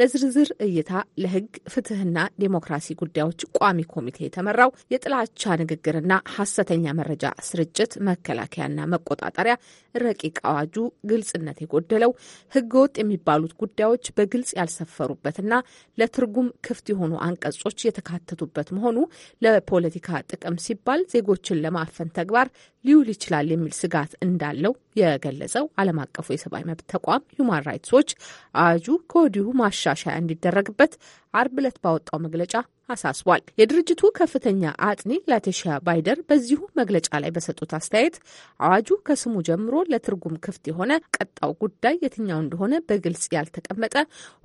ለዝርዝር እይታ ለሕግ ፍትህና ዴሞክራሲ ጉዳዮች ቋሚ ኮሚቴ የተመራው የጥላቻ ንግግርና ሐሰተኛ መረጃ ስርጭት መከላከያና መቆጣጠሪያ ረቂቅ አዋጁ ግልጽነት የጎደለው ሕገወጥ የሚባሉት ጉዳዮች በግልጽ ያልሰፈሩበትና ለትርጉም ክፍት የሆኑ አንቀጾች የተካተቱበት መሆኑ ለፖለቲካ ጥቅም ሲባል ዜጎች ሰዎችን ለማፈን ተግባር ሊውል ይችላል የሚል ስጋት እንዳለው የገለጸው ዓለም አቀፉ የሰብአዊ መብት ተቋም ሁማን ራይትስ ዎች አዋጁ ከወዲሁ ማሻሻያ እንዲደረግበት አርብ ዕለት ባወጣው መግለጫ አሳስቧል። የድርጅቱ ከፍተኛ አጥኒ ላቴሺያ ባይደር በዚሁ መግለጫ ላይ በሰጡት አስተያየት አዋጁ ከስሙ ጀምሮ ለትርጉም ክፍት የሆነ ቀጣው ጉዳይ የትኛው እንደሆነ በግልጽ ያልተቀመጠ፣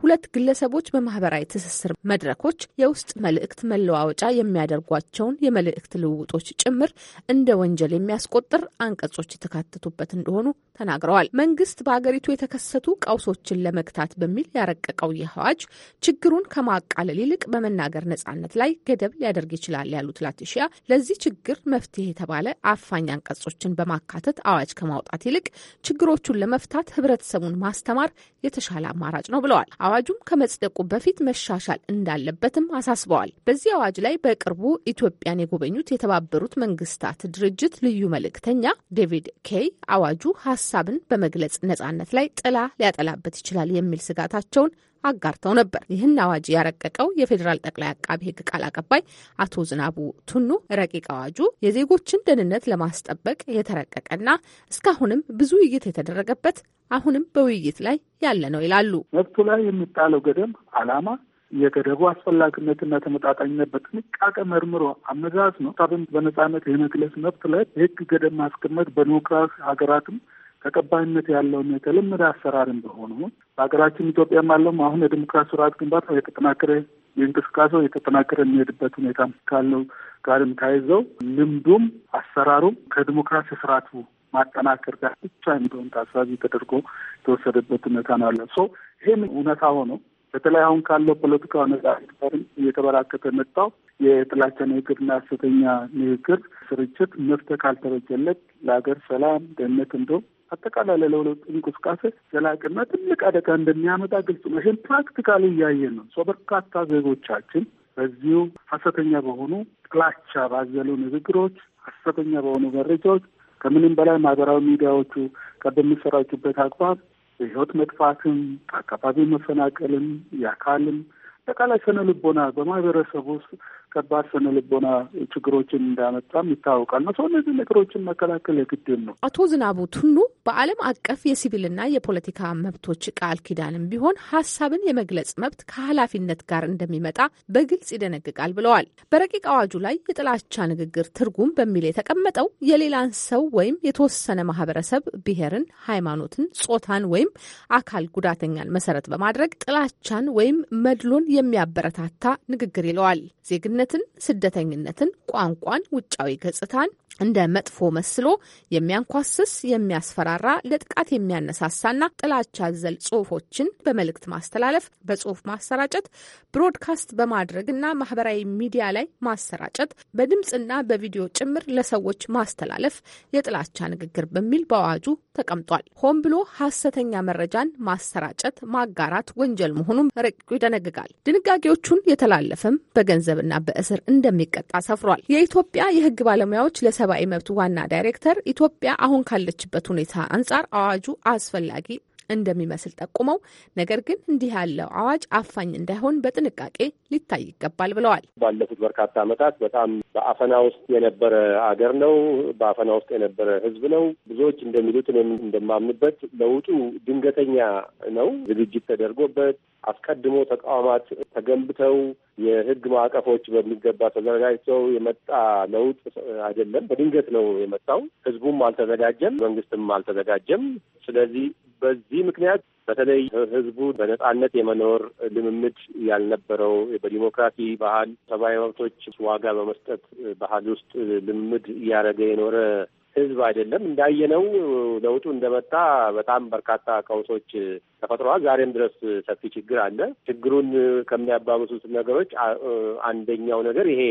ሁለት ግለሰቦች በማህበራዊ ትስስር መድረኮች የውስጥ መልእክት መለዋወጫ የሚያደርጓቸውን የመልእክት ልውውጦች ጭምር እንደ ወንጀል የሚያስቆጥር አንቀጾች የተካተቱበት እንደሆኑ ተናግረዋል። መንግስት በአገሪቱ የተከሰቱ ቀውሶችን ለመግታት በሚል ያረቀቀው ይህ አዋጅ ችግሩን ከማቃለል ይልቅ በመናገር ነጻ ነጻነት ላይ ገደብ ሊያደርግ ይችላል ያሉት ላቲሺያ ለዚህ ችግር መፍትሄ የተባለ አፋኝ አንቀጾችን በማካተት አዋጅ ከማውጣት ይልቅ ችግሮቹን ለመፍታት ህብረተሰቡን ማስተማር የተሻለ አማራጭ ነው ብለዋል። አዋጁም ከመጽደቁ በፊት መሻሻል እንዳለበትም አሳስበዋል። በዚህ አዋጅ ላይ በቅርቡ ኢትዮጵያን የጎበኙት የተባበሩት መንግስታት ድርጅት ልዩ መልእክተኛ ዴቪድ ኬይ አዋጁ ሀሳብን በመግለጽ ነጻነት ላይ ጥላ ሊያጠላበት ይችላል የሚል ስጋታቸውን አጋርተው ነበር። ይህን አዋጅ ያረቀቀው የፌዴራል ጠቅላይ አቃቢ ሕግ ቃል አቀባይ አቶ ዝናቡ ቱኑ ረቂቅ አዋጁ የዜጎችን ደህንነት ለማስጠበቅ የተረቀቀና እስካሁንም ብዙ ውይይት የተደረገበት አሁንም በውይይት ላይ ያለ ነው ይላሉ። መብቱ ላይ የሚጣለው ገደብ አላማ የገደቡ አስፈላጊነትና ተመጣጣኝነት በጥንቃቄ መርምሮ አመዛዝ ነው። ሀሳብን በነጻነት የመግለጽ መብት ላይ የህግ ገደብ ማስቀመጥ በዲሞክራሲ ሀገራትም ተቀባይነት ያለውን የተለመደ አሰራር እንደሆኑ በሀገራችን ኢትዮጵያም አለውም አሁን የዲሞክራሲ ስርዓት ግንባታ የተጠናከረ የእንቅስቃሴው የተጠናከረ የሚሄድበት ሁኔታ ካለው ጋርም ታይዘው ልምዱም አሰራሩም ከዲሞክራሲ ስርዓቱ ማጠናከር ጋር ብቻ እንደሆን ታሳቢ ተደርጎ የተወሰደበት ሁኔታ ነው ያለ ይህም እውነታ ሆኖ በተለይ አሁን ካለው ፖለቲካ ነጻነት ጋር እየተበራከተ መጣው የጥላቻ ንግግርና ሐሰተኛ ንግግር ስርጭት መፍትሄ ካልተበጀለት ለሀገር ሰላም ደህንነት እንዲሁም አጠቃላይ ለለውጥ እንቅስቃሴ ዘላቅና ትልቅ አደጋ እንደሚያመጣ ግልጽ ነው። ይህን ፕራክቲካሊ እያየን ነው። ሰው በርካታ ዜጎቻችን በዚሁ ሀሰተኛ በሆኑ ጥላቻ ባዘሉ ንግግሮች፣ ሀሰተኛ በሆኑ መረጃዎች ከምንም በላይ ማህበራዊ ሚዲያዎቹ ከሚሰራጩበት አግባብ የህይወት መጥፋትም፣ አካባቢ መፈናቀልም፣ የአካልም አጠቃላይ ስነ ልቦና በማህበረሰብ ውስጥ ከባድ ስነ ልቦና ችግሮችን እንዳመጣም ይታወቃል። ሰው እነዚህ ነገሮችን መከላከል የግድን ነው። አቶ ዝናቡ ቱሉ በዓለም አቀፍ የሲቪልና የፖለቲካ መብቶች ቃል ኪዳንም ቢሆን ሀሳብን የመግለጽ መብት ከኃላፊነት ጋር እንደሚመጣ በግልጽ ይደነግቃል ብለዋል። በረቂቅ አዋጁ ላይ የጥላቻ ንግግር ትርጉም በሚል የተቀመጠው የሌላን ሰው ወይም የተወሰነ ማህበረሰብ ብሔርን፣ ሃይማኖትን፣ ጾታን ወይም አካል ጉዳተኛን መሰረት በማድረግ ጥላቻን ወይም መድሎን የሚያበረታታ ንግግር ይለዋል ዜግነት ድህነትን፣ ስደተኝነትን፣ ቋንቋን፣ ውጫዊ ገጽታን እንደ መጥፎ መስሎ የሚያንኳስስ የሚያስፈራራ ለጥቃት የሚያነሳሳና ጥላቻ ዘል ጽሁፎችን በመልእክት ማስተላለፍ በጽሁፍ ማሰራጨት ብሮድካስት በማድረግና ማህበራዊ ሚዲያ ላይ ማሰራጨት በድምፅና በቪዲዮ ጭምር ለሰዎች ማስተላለፍ የጥላቻ ንግግር በሚል በአዋጁ ተቀምጧል። ሆን ብሎ ሀሰተኛ መረጃን ማሰራጨት ማጋራት ወንጀል መሆኑን ረቂቁ ይደነግጋል። ድንጋጌዎቹን የተላለፈም በገንዘብና በእስር እንደሚቀጣ ሰፍሯል። የኢትዮጵያ የህግ ባለሙያዎች ለሰ የሰብአዊ መብት ዋና ዳይሬክተር ኢትዮጵያ አሁን ካለችበት ሁኔታ አንጻር አዋጁ አስፈላጊ እንደሚመስል ጠቁመው ነገር ግን እንዲህ ያለው አዋጅ አፋኝ እንዳይሆን በጥንቃቄ ሊታይ ይገባል ብለዋል። ባለፉት በርካታ ዓመታት በጣም በአፈና ውስጥ የነበረ አገር ነው። በአፈና ውስጥ የነበረ ሕዝብ ነው። ብዙዎች እንደሚሉት እኔም እንደማምንበት ለውጡ ድንገተኛ ነው። ዝግጅት ተደርጎበት አስቀድሞ ተቋማት ተገንብተው የህግ ማዕቀፎች በሚገባ ተዘጋጅተው የመጣ ለውጥ አይደለም። በድንገት ነው የመጣው። ህዝቡም አልተዘጋጀም፣ መንግስትም አልተዘጋጀም። ስለዚህ በዚህ ምክንያት በተለይ ህዝቡ በነጻነት የመኖር ልምምድ ያልነበረው በዲሞክራሲ ባህል ሰብአዊ መብቶች ዋጋ በመስጠት ባህል ውስጥ ልምምድ እያደረገ የኖረ ህዝብ አይደለም። እንዳየነው ለውጡ እንደመጣ በጣም በርካታ ቀውሶች ተፈጥሯዋል ዛሬም ድረስ ሰፊ ችግር አለ። ችግሩን ከሚያባብሱት ነገሮች አንደኛው ነገር ይሄ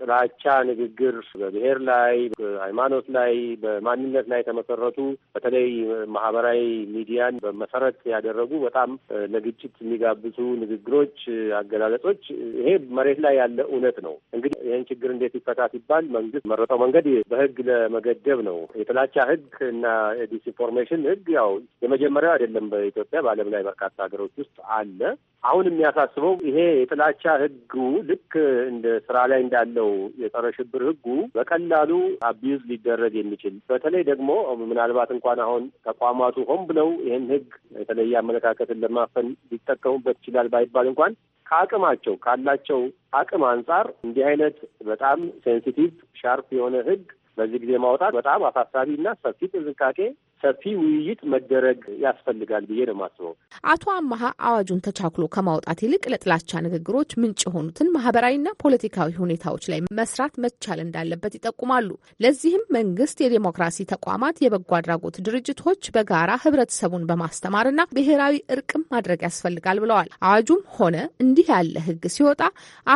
ጥላቻ ንግግር በብሔር ላይ፣ በሃይማኖት ላይ፣ በማንነት ላይ የተመሰረቱ በተለይ ማህበራዊ ሚዲያን በመሰረት ያደረጉ በጣም ለግጭት የሚጋብዙ ንግግሮች፣ አገላለጾች ይሄ መሬት ላይ ያለ እውነት ነው። እንግዲህ ይህን ችግር እንዴት ይፈታ ሲባል መንግስት መረጠው መንገድ በህግ ለመገደብ ነው ነው። የጥላቻ ህግ እና ዲስኢንፎርሜሽን ህግ ያው የመጀመሪያው አይደለም። በኢትዮጵያ በዓለም ላይ በርካታ ሀገሮች ውስጥ አለ። አሁን የሚያሳስበው ይሄ የጥላቻ ህጉ ልክ እንደ ስራ ላይ እንዳለው የጸረ ሽብር ህጉ በቀላሉ አቢዩዝ ሊደረግ የሚችል በተለይ ደግሞ ምናልባት እንኳን አሁን ተቋማቱ ሆን ብለው ይህን ህግ የተለየ አመለካከትን ለማፈን ሊጠቀሙበት ይችላል ባይባል እንኳን ከአቅማቸው ካላቸው አቅም አንጻር እንዲህ አይነት በጣም ሴንሲቲቭ ሻርፕ የሆነ ህግ በዚህ ጊዜ ማውጣት በጣም አሳሳቢ እና ሰፊ ጥንቃቄ ሰፊ ውይይት መደረግ ያስፈልጋል ብዬ ነው ማስበው። አቶ አመሀ አዋጁን ተቻክሎ ከማውጣት ይልቅ ለጥላቻ ንግግሮች ምንጭ የሆኑትን ማህበራዊና ፖለቲካዊ ሁኔታዎች ላይ መስራት መቻል እንዳለበት ይጠቁማሉ። ለዚህም መንግስት፣ የዴሞክራሲ ተቋማት፣ የበጎ አድራጎት ድርጅቶች በጋራ ህብረተሰቡን በማስተማርና ብሔራዊ እርቅም ማድረግ ያስፈልጋል ብለዋል። አዋጁም ሆነ እንዲህ ያለ ህግ ሲወጣ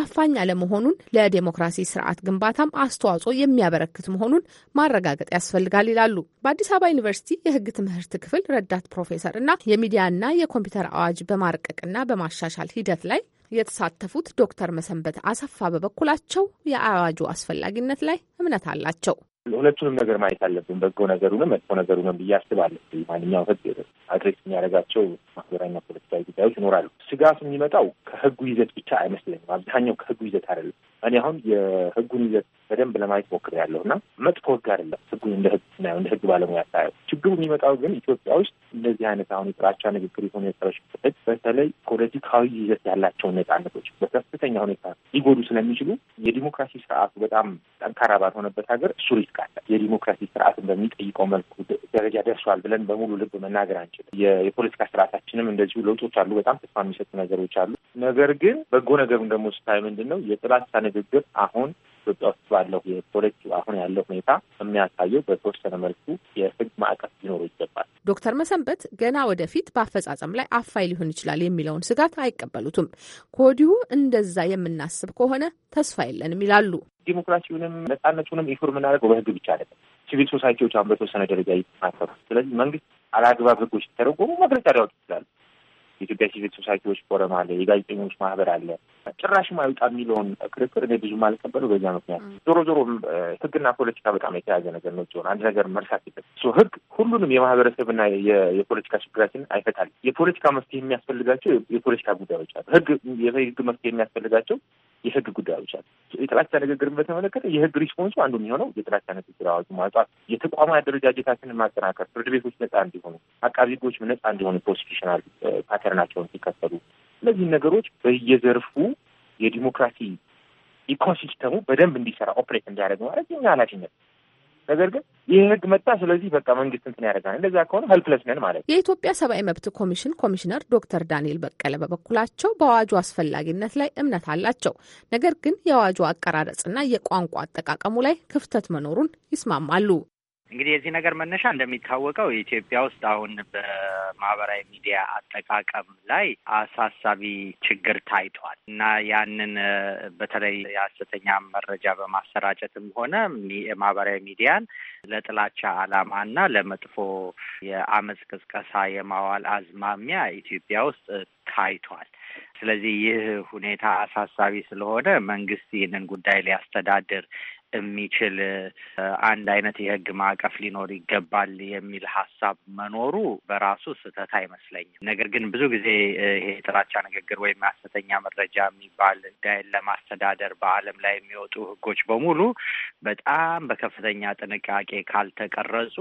አፋኝ አለመሆኑን ለዴሞክራሲ ስርዓት ግንባታም አስተዋጽኦ የሚያበረክት መሆኑን ማረጋገጥ ያስፈልጋል ይላሉ። በአዲስ አበባ ዩኒቨርሲቲ የህግ ትምህርት ክፍል ረዳት ፕሮፌሰር እና የሚዲያና የኮምፒውተር አዋጅ በማርቀቅና በማሻሻል ሂደት ላይ የተሳተፉት ዶክተር መሰንበት አሰፋ በበኩላቸው የአዋጁ አስፈላጊነት ላይ እምነት አላቸው። ሁለቱንም ነገር ማየት አለብን፣ በጎ ነገሩንም መጥፎ ነገሩንም ብዬ አስባለሁ። ማንኛውም ህግ አድሬስ የሚያደርጋቸው ማህበራዊና ፖለቲካዊ ጉዳዮች ይኖራሉ። ስጋት የሚመጣው ከህጉ ይዘት ብቻ አይመስለኝም። አብዛኛው ከህጉ ይዘት አይደለም። እኔ አሁን የህጉን ይዘት በደንብ ለማየት ሞክሬያለሁ እና መጥፎ ህግ አይደለም። ህጉ እንደ ህግ ስናየው እንደ ህግ ባለሙያ ሳየው ችግሩ የሚመጣው ግን ኢትዮጵያ ውስጥ እንደዚህ አይነት አሁን የጥላቻ ንግግር የሆኑ የጸረ ህግ በተለይ ፖለቲካዊ ይዘት ያላቸውን ነጻነቶች በከፍተኛ ሁኔታ ሊጎዱ ስለሚችሉ የዲሞክራሲ ስርዓቱ በጣም ጠንካራ ባልሆነበት ሀገር እሱ ሪስክ አለ። የዲሞክራሲ ስርዓትን በሚጠይቀው መልኩ ደረጃ ደርሷል ብለን በሙሉ ልብ መናገር አንችልም። የፖለቲካ ስርዓታችንም እንደዚሁ ለውጦች አሉ። በጣም ተስፋ የሚሰጡ ነገሮች አሉ። ነገር ግን በጎ ነገሩን ደግሞ ስታይ ምንድን ነው የጥላቻ ንግግር አሁን ኢትዮጵያ ውስጥ ባለው የፖለቲ አሁን ያለው ሁኔታ የሚያሳየው በተወሰነ መልኩ የህግ ማዕቀፍ ሊኖሩ ይገባል። ዶክተር መሰንበት ገና ወደፊት በአፈጻጸም ላይ አፋይ ሊሆን ይችላል የሚለውን ስጋት አይቀበሉትም። ከወዲሁ እንደዛ የምናስብ ከሆነ ተስፋ የለንም ይላሉ። ዲሞክራሲውንም ነጻነቱንም ኢንፎር የምናደርገው በህግ ብቻ አይደለም። ሲቪል ሶሳይቲዎች አሁን በተወሰነ ደረጃ ይተሳሰሩ። ስለዚህ መንግስት አላግባብ ህጎች ሲተረጎሙ መግለጫ ሊያወጡ ይችላሉ። የኢትዮጵያ ሲቪል ሶሳይቲዎች ፎረም አለ፣ የጋዜጠኞች ማህበር አለ፣ ጭራሽ ማይውጣ የሚለውን ክርክር እኔ ብዙ አልቀበለው። በዛ ምክንያት ዞሮ ዞሮ ህግና ፖለቲካ በጣም የተያዘ ነገር ነው። ሲሆን አንድ ነገር መርሳት ይበ ህግ ሁሉንም የማህበረሰብና የፖለቲካ ችግራችን አይፈታል። የፖለቲካ መፍትሄ የሚያስፈልጋቸው የፖለቲካ ጉዳዮች አሉ። ህግ የህግ መፍትሄ የሚያስፈልጋቸው የህግ ጉዳዮች አሉ። የጥላቻ ንግግርን በተመለከተ የህግ ሪስፖንሱ አንዱ የሚሆነው የጥላቻ ንግግር አዋጅ ማውጣት፣ የተቋማ አደረጃጀታችንን ማጠናከር፣ ፍርድ ቤቶች ነጻ እንዲሆኑ፣ አቃቢ ህጎችም ነጻ እንዲሆኑ ፕሮሲኪሽናል ፓተርናቸውን ሲከተሉ እነዚህ ነገሮች በየዘርፉ የዲሞክራሲ ኢኮሲስተሙ በደንብ እንዲሰራ ኦፕሬት እንዲያደርግ ማለት የኛ ኃላፊነት። ነገር ግን ይህ ህግ መጣ፣ ስለዚህ በቃ መንግስት እንትን ያደርጋል። እንደዛ ከሆነ ሄልፕለስ ነን ማለት ነው። የኢትዮጵያ ሰብአዊ መብት ኮሚሽን ኮሚሽነር ዶክተር ዳንኤል በቀለ በበኩላቸው በአዋጁ አስፈላጊነት ላይ እምነት አላቸው። ነገር ግን የአዋጁ አቀራረጽና የቋንቋ አጠቃቀሙ ላይ ክፍተት መኖሩን ይስማማሉ። እንግዲህ የዚህ ነገር መነሻ እንደሚታወቀው ኢትዮጵያ ውስጥ አሁን በማህበራዊ ሚዲያ አጠቃቀም ላይ አሳሳቢ ችግር ታይቷል እና ያንን በተለይ የሀሰተኛ መረጃ በማሰራጨትም ሆነ ማህበራዊ ሚዲያን ለጥላቻ ዓላማ እና ለመጥፎ የአመፅ ቅስቀሳ የማዋል አዝማሚያ ኢትዮጵያ ውስጥ ታይቷል። ስለዚህ ይህ ሁኔታ አሳሳቢ ስለሆነ መንግስት ይህንን ጉዳይ ሊያስተዳድር የሚችል አንድ አይነት የህግ ማዕቀፍ ሊኖር ይገባል የሚል ሀሳብ መኖሩ በራሱ ስህተት አይመስለኝም። ነገር ግን ብዙ ጊዜ ይሄ የጥላቻ ንግግር ወይም ሐሰተኛ መረጃ የሚባል ጉዳይን ለማስተዳደር በዓለም ላይ የሚወጡ ህጎች በሙሉ በጣም በከፍተኛ ጥንቃቄ ካልተቀረጹ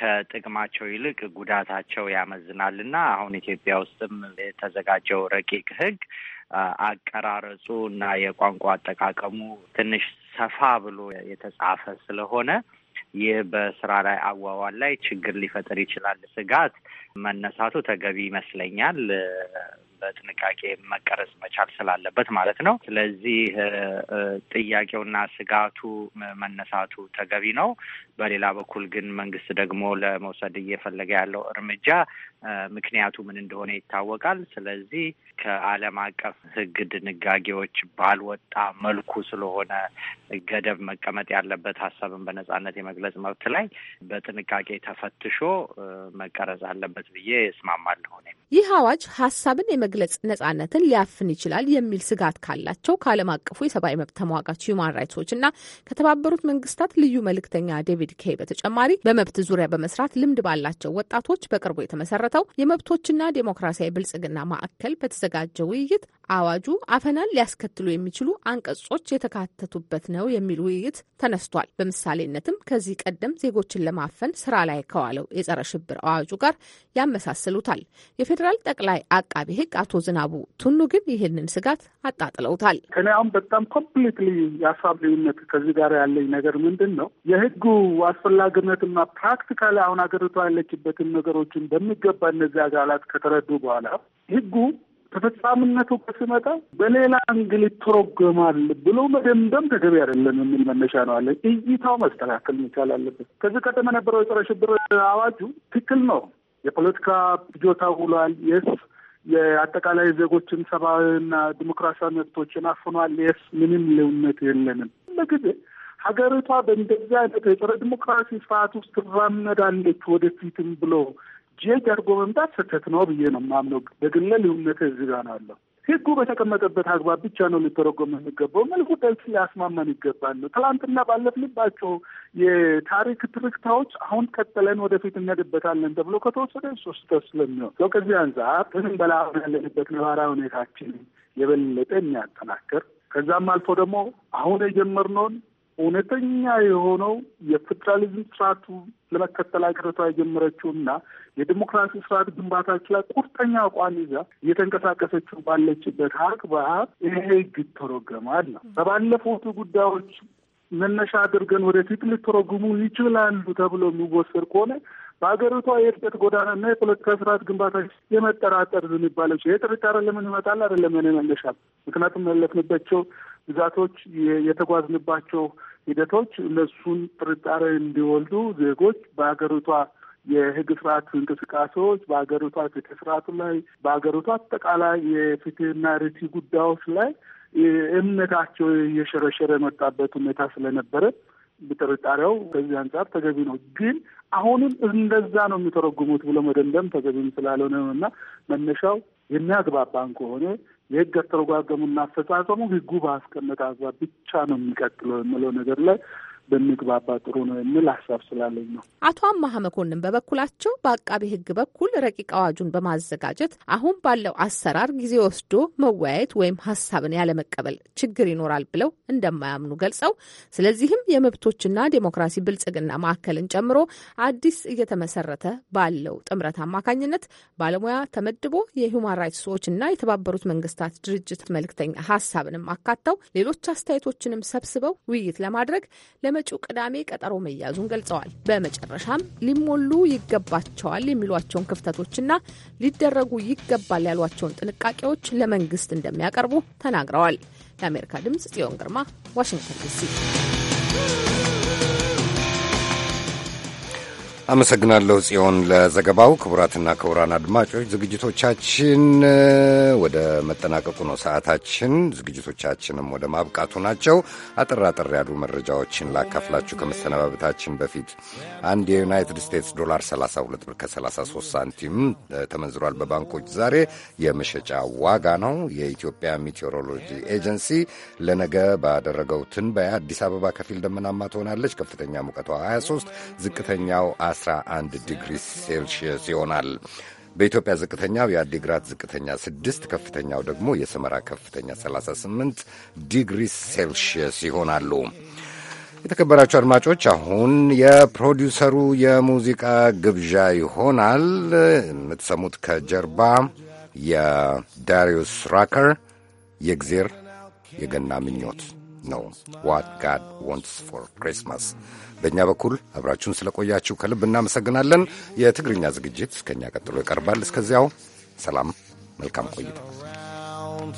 ከጥቅማቸው ይልቅ ጉዳታቸው ያመዝናል እና አሁን ኢትዮጵያ ውስጥም የተዘጋጀው ረቂቅ ህግ አቀራረጹ እና የቋንቋ አጠቃቀሙ ትንሽ ሰፋ ብሎ የተጻፈ ስለሆነ ይህ በስራ ላይ አዋዋል ላይ ችግር ሊፈጥር ይችላል ስጋት መነሳቱ ተገቢ ይመስለኛል። በጥንቃቄ መቀረጽ መቻል ስላለበት ማለት ነው። ስለዚህ ጥያቄውና ስጋቱ መነሳቱ ተገቢ ነው። በሌላ በኩል ግን መንግስት ደግሞ ለመውሰድ እየፈለገ ያለው እርምጃ ምክንያቱ ምን እንደሆነ ይታወቃል። ስለዚህ ከዓለም አቀፍ ሕግ ድንጋጌዎች ባልወጣ መልኩ ስለሆነ ገደብ መቀመጥ ያለበት ሀሳብን በነጻነት የመግለጽ መብት ላይ በጥንቃቄ ተፈትሾ መቀረጽ አለበት ብዬ እስማማለሁ። ይህ አዋጅ ሀሳብን የመግለጽ ነጻነትን ሊያፍን ይችላል የሚል ስጋት ካላቸው ከዓለም አቀፉ የሰብአዊ መብት ተሟጋች ሂውማን ራይትሶች እና ከተባበሩት መንግስታት ልዩ መልእክተኛ ዴቪድ ኬይ በተጨማሪ በመብት ዙሪያ በመስራት ልምድ ባላቸው ወጣቶች በቅርቡ የተመሰረተ የተመሰረተው የመብቶችና ዴሞክራሲያዊ ብልጽግና ማዕከል በተዘጋጀ ውይይት አዋጁ አፈናን ሊያስከትሉ የሚችሉ አንቀጾች የተካተቱበት ነው የሚል ውይይት ተነስቷል። በምሳሌነትም ከዚህ ቀደም ዜጎችን ለማፈን ስራ ላይ ከዋለው የጸረ ሽብር አዋጁ ጋር ያመሳስሉታል። የፌዴራል ጠቅላይ አቃቢ ሕግ አቶ ዝናቡ ቱኑ ግን ይህንን ስጋት አጣጥለውታል። እኔ አሁን በጣም ኮምፕሊትሊ የሀሳብ ልዩነት ከዚህ ጋር ያለኝ ነገር ምንድን ነው የህጉ አስፈላጊነትና ፕራክቲካሊ አሁን ሀገሪቷ ያለችበትን ነገሮችን በሚገባ እነዚህ አካላት ከተረዱ በኋላ ህጉ ተፈጻሚነቱ ከስመጣ በሌላ አንግል ይተረጎማል ብሎ መደምደም ተገቢ አይደለም የሚል መነሻ ነው አለ። እይታው መስተካከል መቻል አለበት። ከዚህ ቀደም የነበረው የጸረ ሽብር አዋጁ ትክክል ነው፣ የፖለቲካ ፍጆታ ውሏል። የስ የአጠቃላይ ዜጎችን ሰብአዊና ዲሞክራሲያዊ መብቶችን አፍኗል። የስ ምንም ልዩነት የለንም። ለጊዜ ሀገሪቷ በእንደዚህ አይነት የጸረ ዲሞክራሲ ስርዓት ውስጥ ትራመዳለች ወደፊትም ብሎ ጄጅ አድርጎ መምጣት ስህተት ነው ብዬ ነው የማምነው። በግለ ልዩነት እዚህ ጋር ነው አለው። ህጉ በተቀመጠበት አግባብ ብቻ ነው ሊተረጎም የሚገባው። መልኩ ደስ ሊያስማማን ይገባል ነው። ትላንትና ባለፍንባቸው የታሪክ ትርክታዎች አሁን ቀጥለን ወደፊት እንሄድበታለን ተብሎ ከተወሰደ ሶስት ስለሚሆን ሰው ከዚህ አንጻር ምንም በላ ያለንበት ነባራዊ ሁኔታችን የበለጠ የሚያጠናክር ከዛም አልፎ ደግሞ አሁን የጀመርነውን እውነተኛ የሆነው የፌዴራሊዝም ስርዓቱ ለመከተል አገሪቷ እና የዲሞክራሲ ስርዓት ግንባታች ላይ ቁርጠኛ አቋም ይዛ እየተንቀሳቀሰችው ባለችበት ሀቅ በሀቅ ይሄ ህግ ይተረጎማል ነው። በባለፉት ጉዳዮች መነሻ አድርገን ወደፊት ሊተረጉሙ ይችላሉ ተብሎ የሚወሰድ ከሆነ በሀገሪቷ የእድገት ጎዳና እና የፖለቲካ ስርዓት ግንባታ የመጠራጠር የሚባለው ይሄ ጥርጣሬ ለምን ይመጣል? አይደለም ኔ መነሻ ምክንያቱም መለፍንባቸው ግዛቶች የተጓዝንባቸው ሂደቶች እነሱን ጥርጣሬ እንዲወልዱ ዜጎች በሀገሪቷ የህግ ስርዓት እንቅስቃሴዎች በሀገሪቷ ፍትህ ስርዓቱ ላይ በሀገሪቷ አጠቃላይ የፍትህና ርቲ ጉዳዮች ላይ እምነታቸው እየሸረሸረ የመጣበት ሁኔታ ስለነበረ ጥርጣሬው ከዚህ አንጻር ተገቢ ነው። ግን አሁንም እንደዛ ነው የሚተረጉሙት ብሎ መደምደም ተገቢም ስላልሆነ ነው እና መነሻው የሚያግባባን ከሆነ የህግ አተረጓጎሙና አፈጻጸሙ ህጉ በአስቀመጠ አግባብ ብቻ ነው የሚቀጥለው የምለው ነገር ላይ በሚግባባ ጥሩ ነው የሚል ሀሳብ ስላለኝ ነው። አቶ አማሀ መኮንን በበኩላቸው በአቃቢ ህግ በኩል ረቂቅ አዋጁን በማዘጋጀት አሁን ባለው አሰራር ጊዜ ወስዶ መወያየት ወይም ሀሳብን ያለመቀበል ችግር ይኖራል ብለው እንደማያምኑ ገልጸው ስለዚህም የመብቶችና ዴሞክራሲ ብልጽግና ማዕከልን ጨምሮ አዲስ እየተመሰረተ ባለው ጥምረት አማካኝነት ባለሙያ ተመድቦ የሁማን ራይትስ ዎችና የተባበሩት መንግስታት ድርጅት መልእክተኛ ሀሳብንም አካተው ሌሎች አስተያየቶችንም ሰብስበው ውይይት ለማድረግ ለመጪው ቅዳሜ ቀጠሮ መያዙን ገልጸዋል። በመጨረሻም ሊሞሉ ይገባቸዋል የሚሏቸውን ክፍተቶችና ሊደረጉ ይገባል ያሏቸውን ጥንቃቄዎች ለመንግስት እንደሚያቀርቡ ተናግረዋል። ለአሜሪካ ድምጽ ጽዮን ግርማ ዋሽንግተን ዲሲ አመሰግናለሁ ጽዮን ለዘገባው። ክቡራትና ክቡራን አድማጮች ዝግጅቶቻችን ወደ መጠናቀቁ ነው። ሰዓታችን ዝግጅቶቻችንም ወደ ማብቃቱ ናቸው። አጠር አጠር ያሉ መረጃዎችን ላካፍላችሁ ከመሰነባበታችን በፊት አንድ የዩናይትድ ስቴትስ ዶላር 32 ብር ከ33 ሳንቲም ተመንዝሯል በባንኮች ዛሬ የመሸጫ ዋጋ ነው። የኢትዮጵያ ሜቴዎሮሎጂ ኤጀንሲ ለነገ ባደረገው ትንበያ አዲስ አበባ ከፊል ደመናማ ትሆናለች። ከፍተኛ ሙቀቷ 23፣ ዝቅተኛው 11 ዲግሪ ሴልሺየስ ይሆናል። በኢትዮጵያ ዝቅተኛው የአዲግራት ዝቅተኛ 6፣ ከፍተኛው ደግሞ የሰመራ ከፍተኛ 38 ዲግሪ ሴልሺየስ ይሆናሉ። የተከበራችሁ አድማጮች አሁን የፕሮዲውሰሩ የሙዚቃ ግብዣ ይሆናል። የምትሰሙት ከጀርባ የዳሪዮስ ራከር የእግዜር የገና ምኞት ነው። ዋት ጋድ ዋንትስ ፎር ክሪስማስ በእኛ በኩል አብራችሁን ስለቆያችሁ ከልብ እናመሰግናለን። የትግርኛ ዝግጅት ከእኛ ቀጥሎ ይቀርባል። እስከዚያው ሰላም፣ መልካም ቆይታ።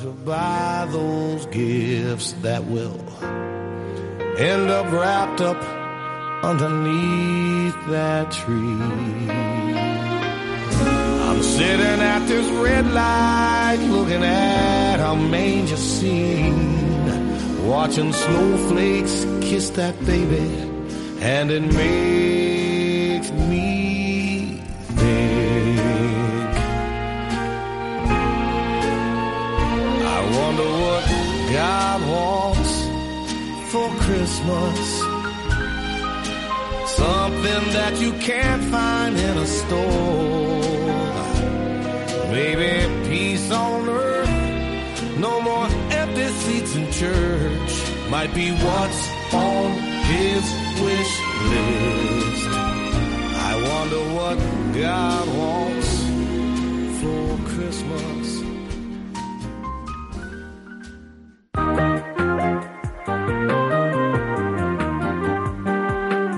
To buy those gifts that will end up wrapped up underneath that tree. I'm sitting at this red light, looking at a manger scene, watching snowflakes kiss that baby. and it makes me think. I wonder what God wants for Christmas. Something that you can't find in a store. Maybe peace on earth, no more empty seats in church. Might be what's on his wish list. I wonder what God wants for Christmas.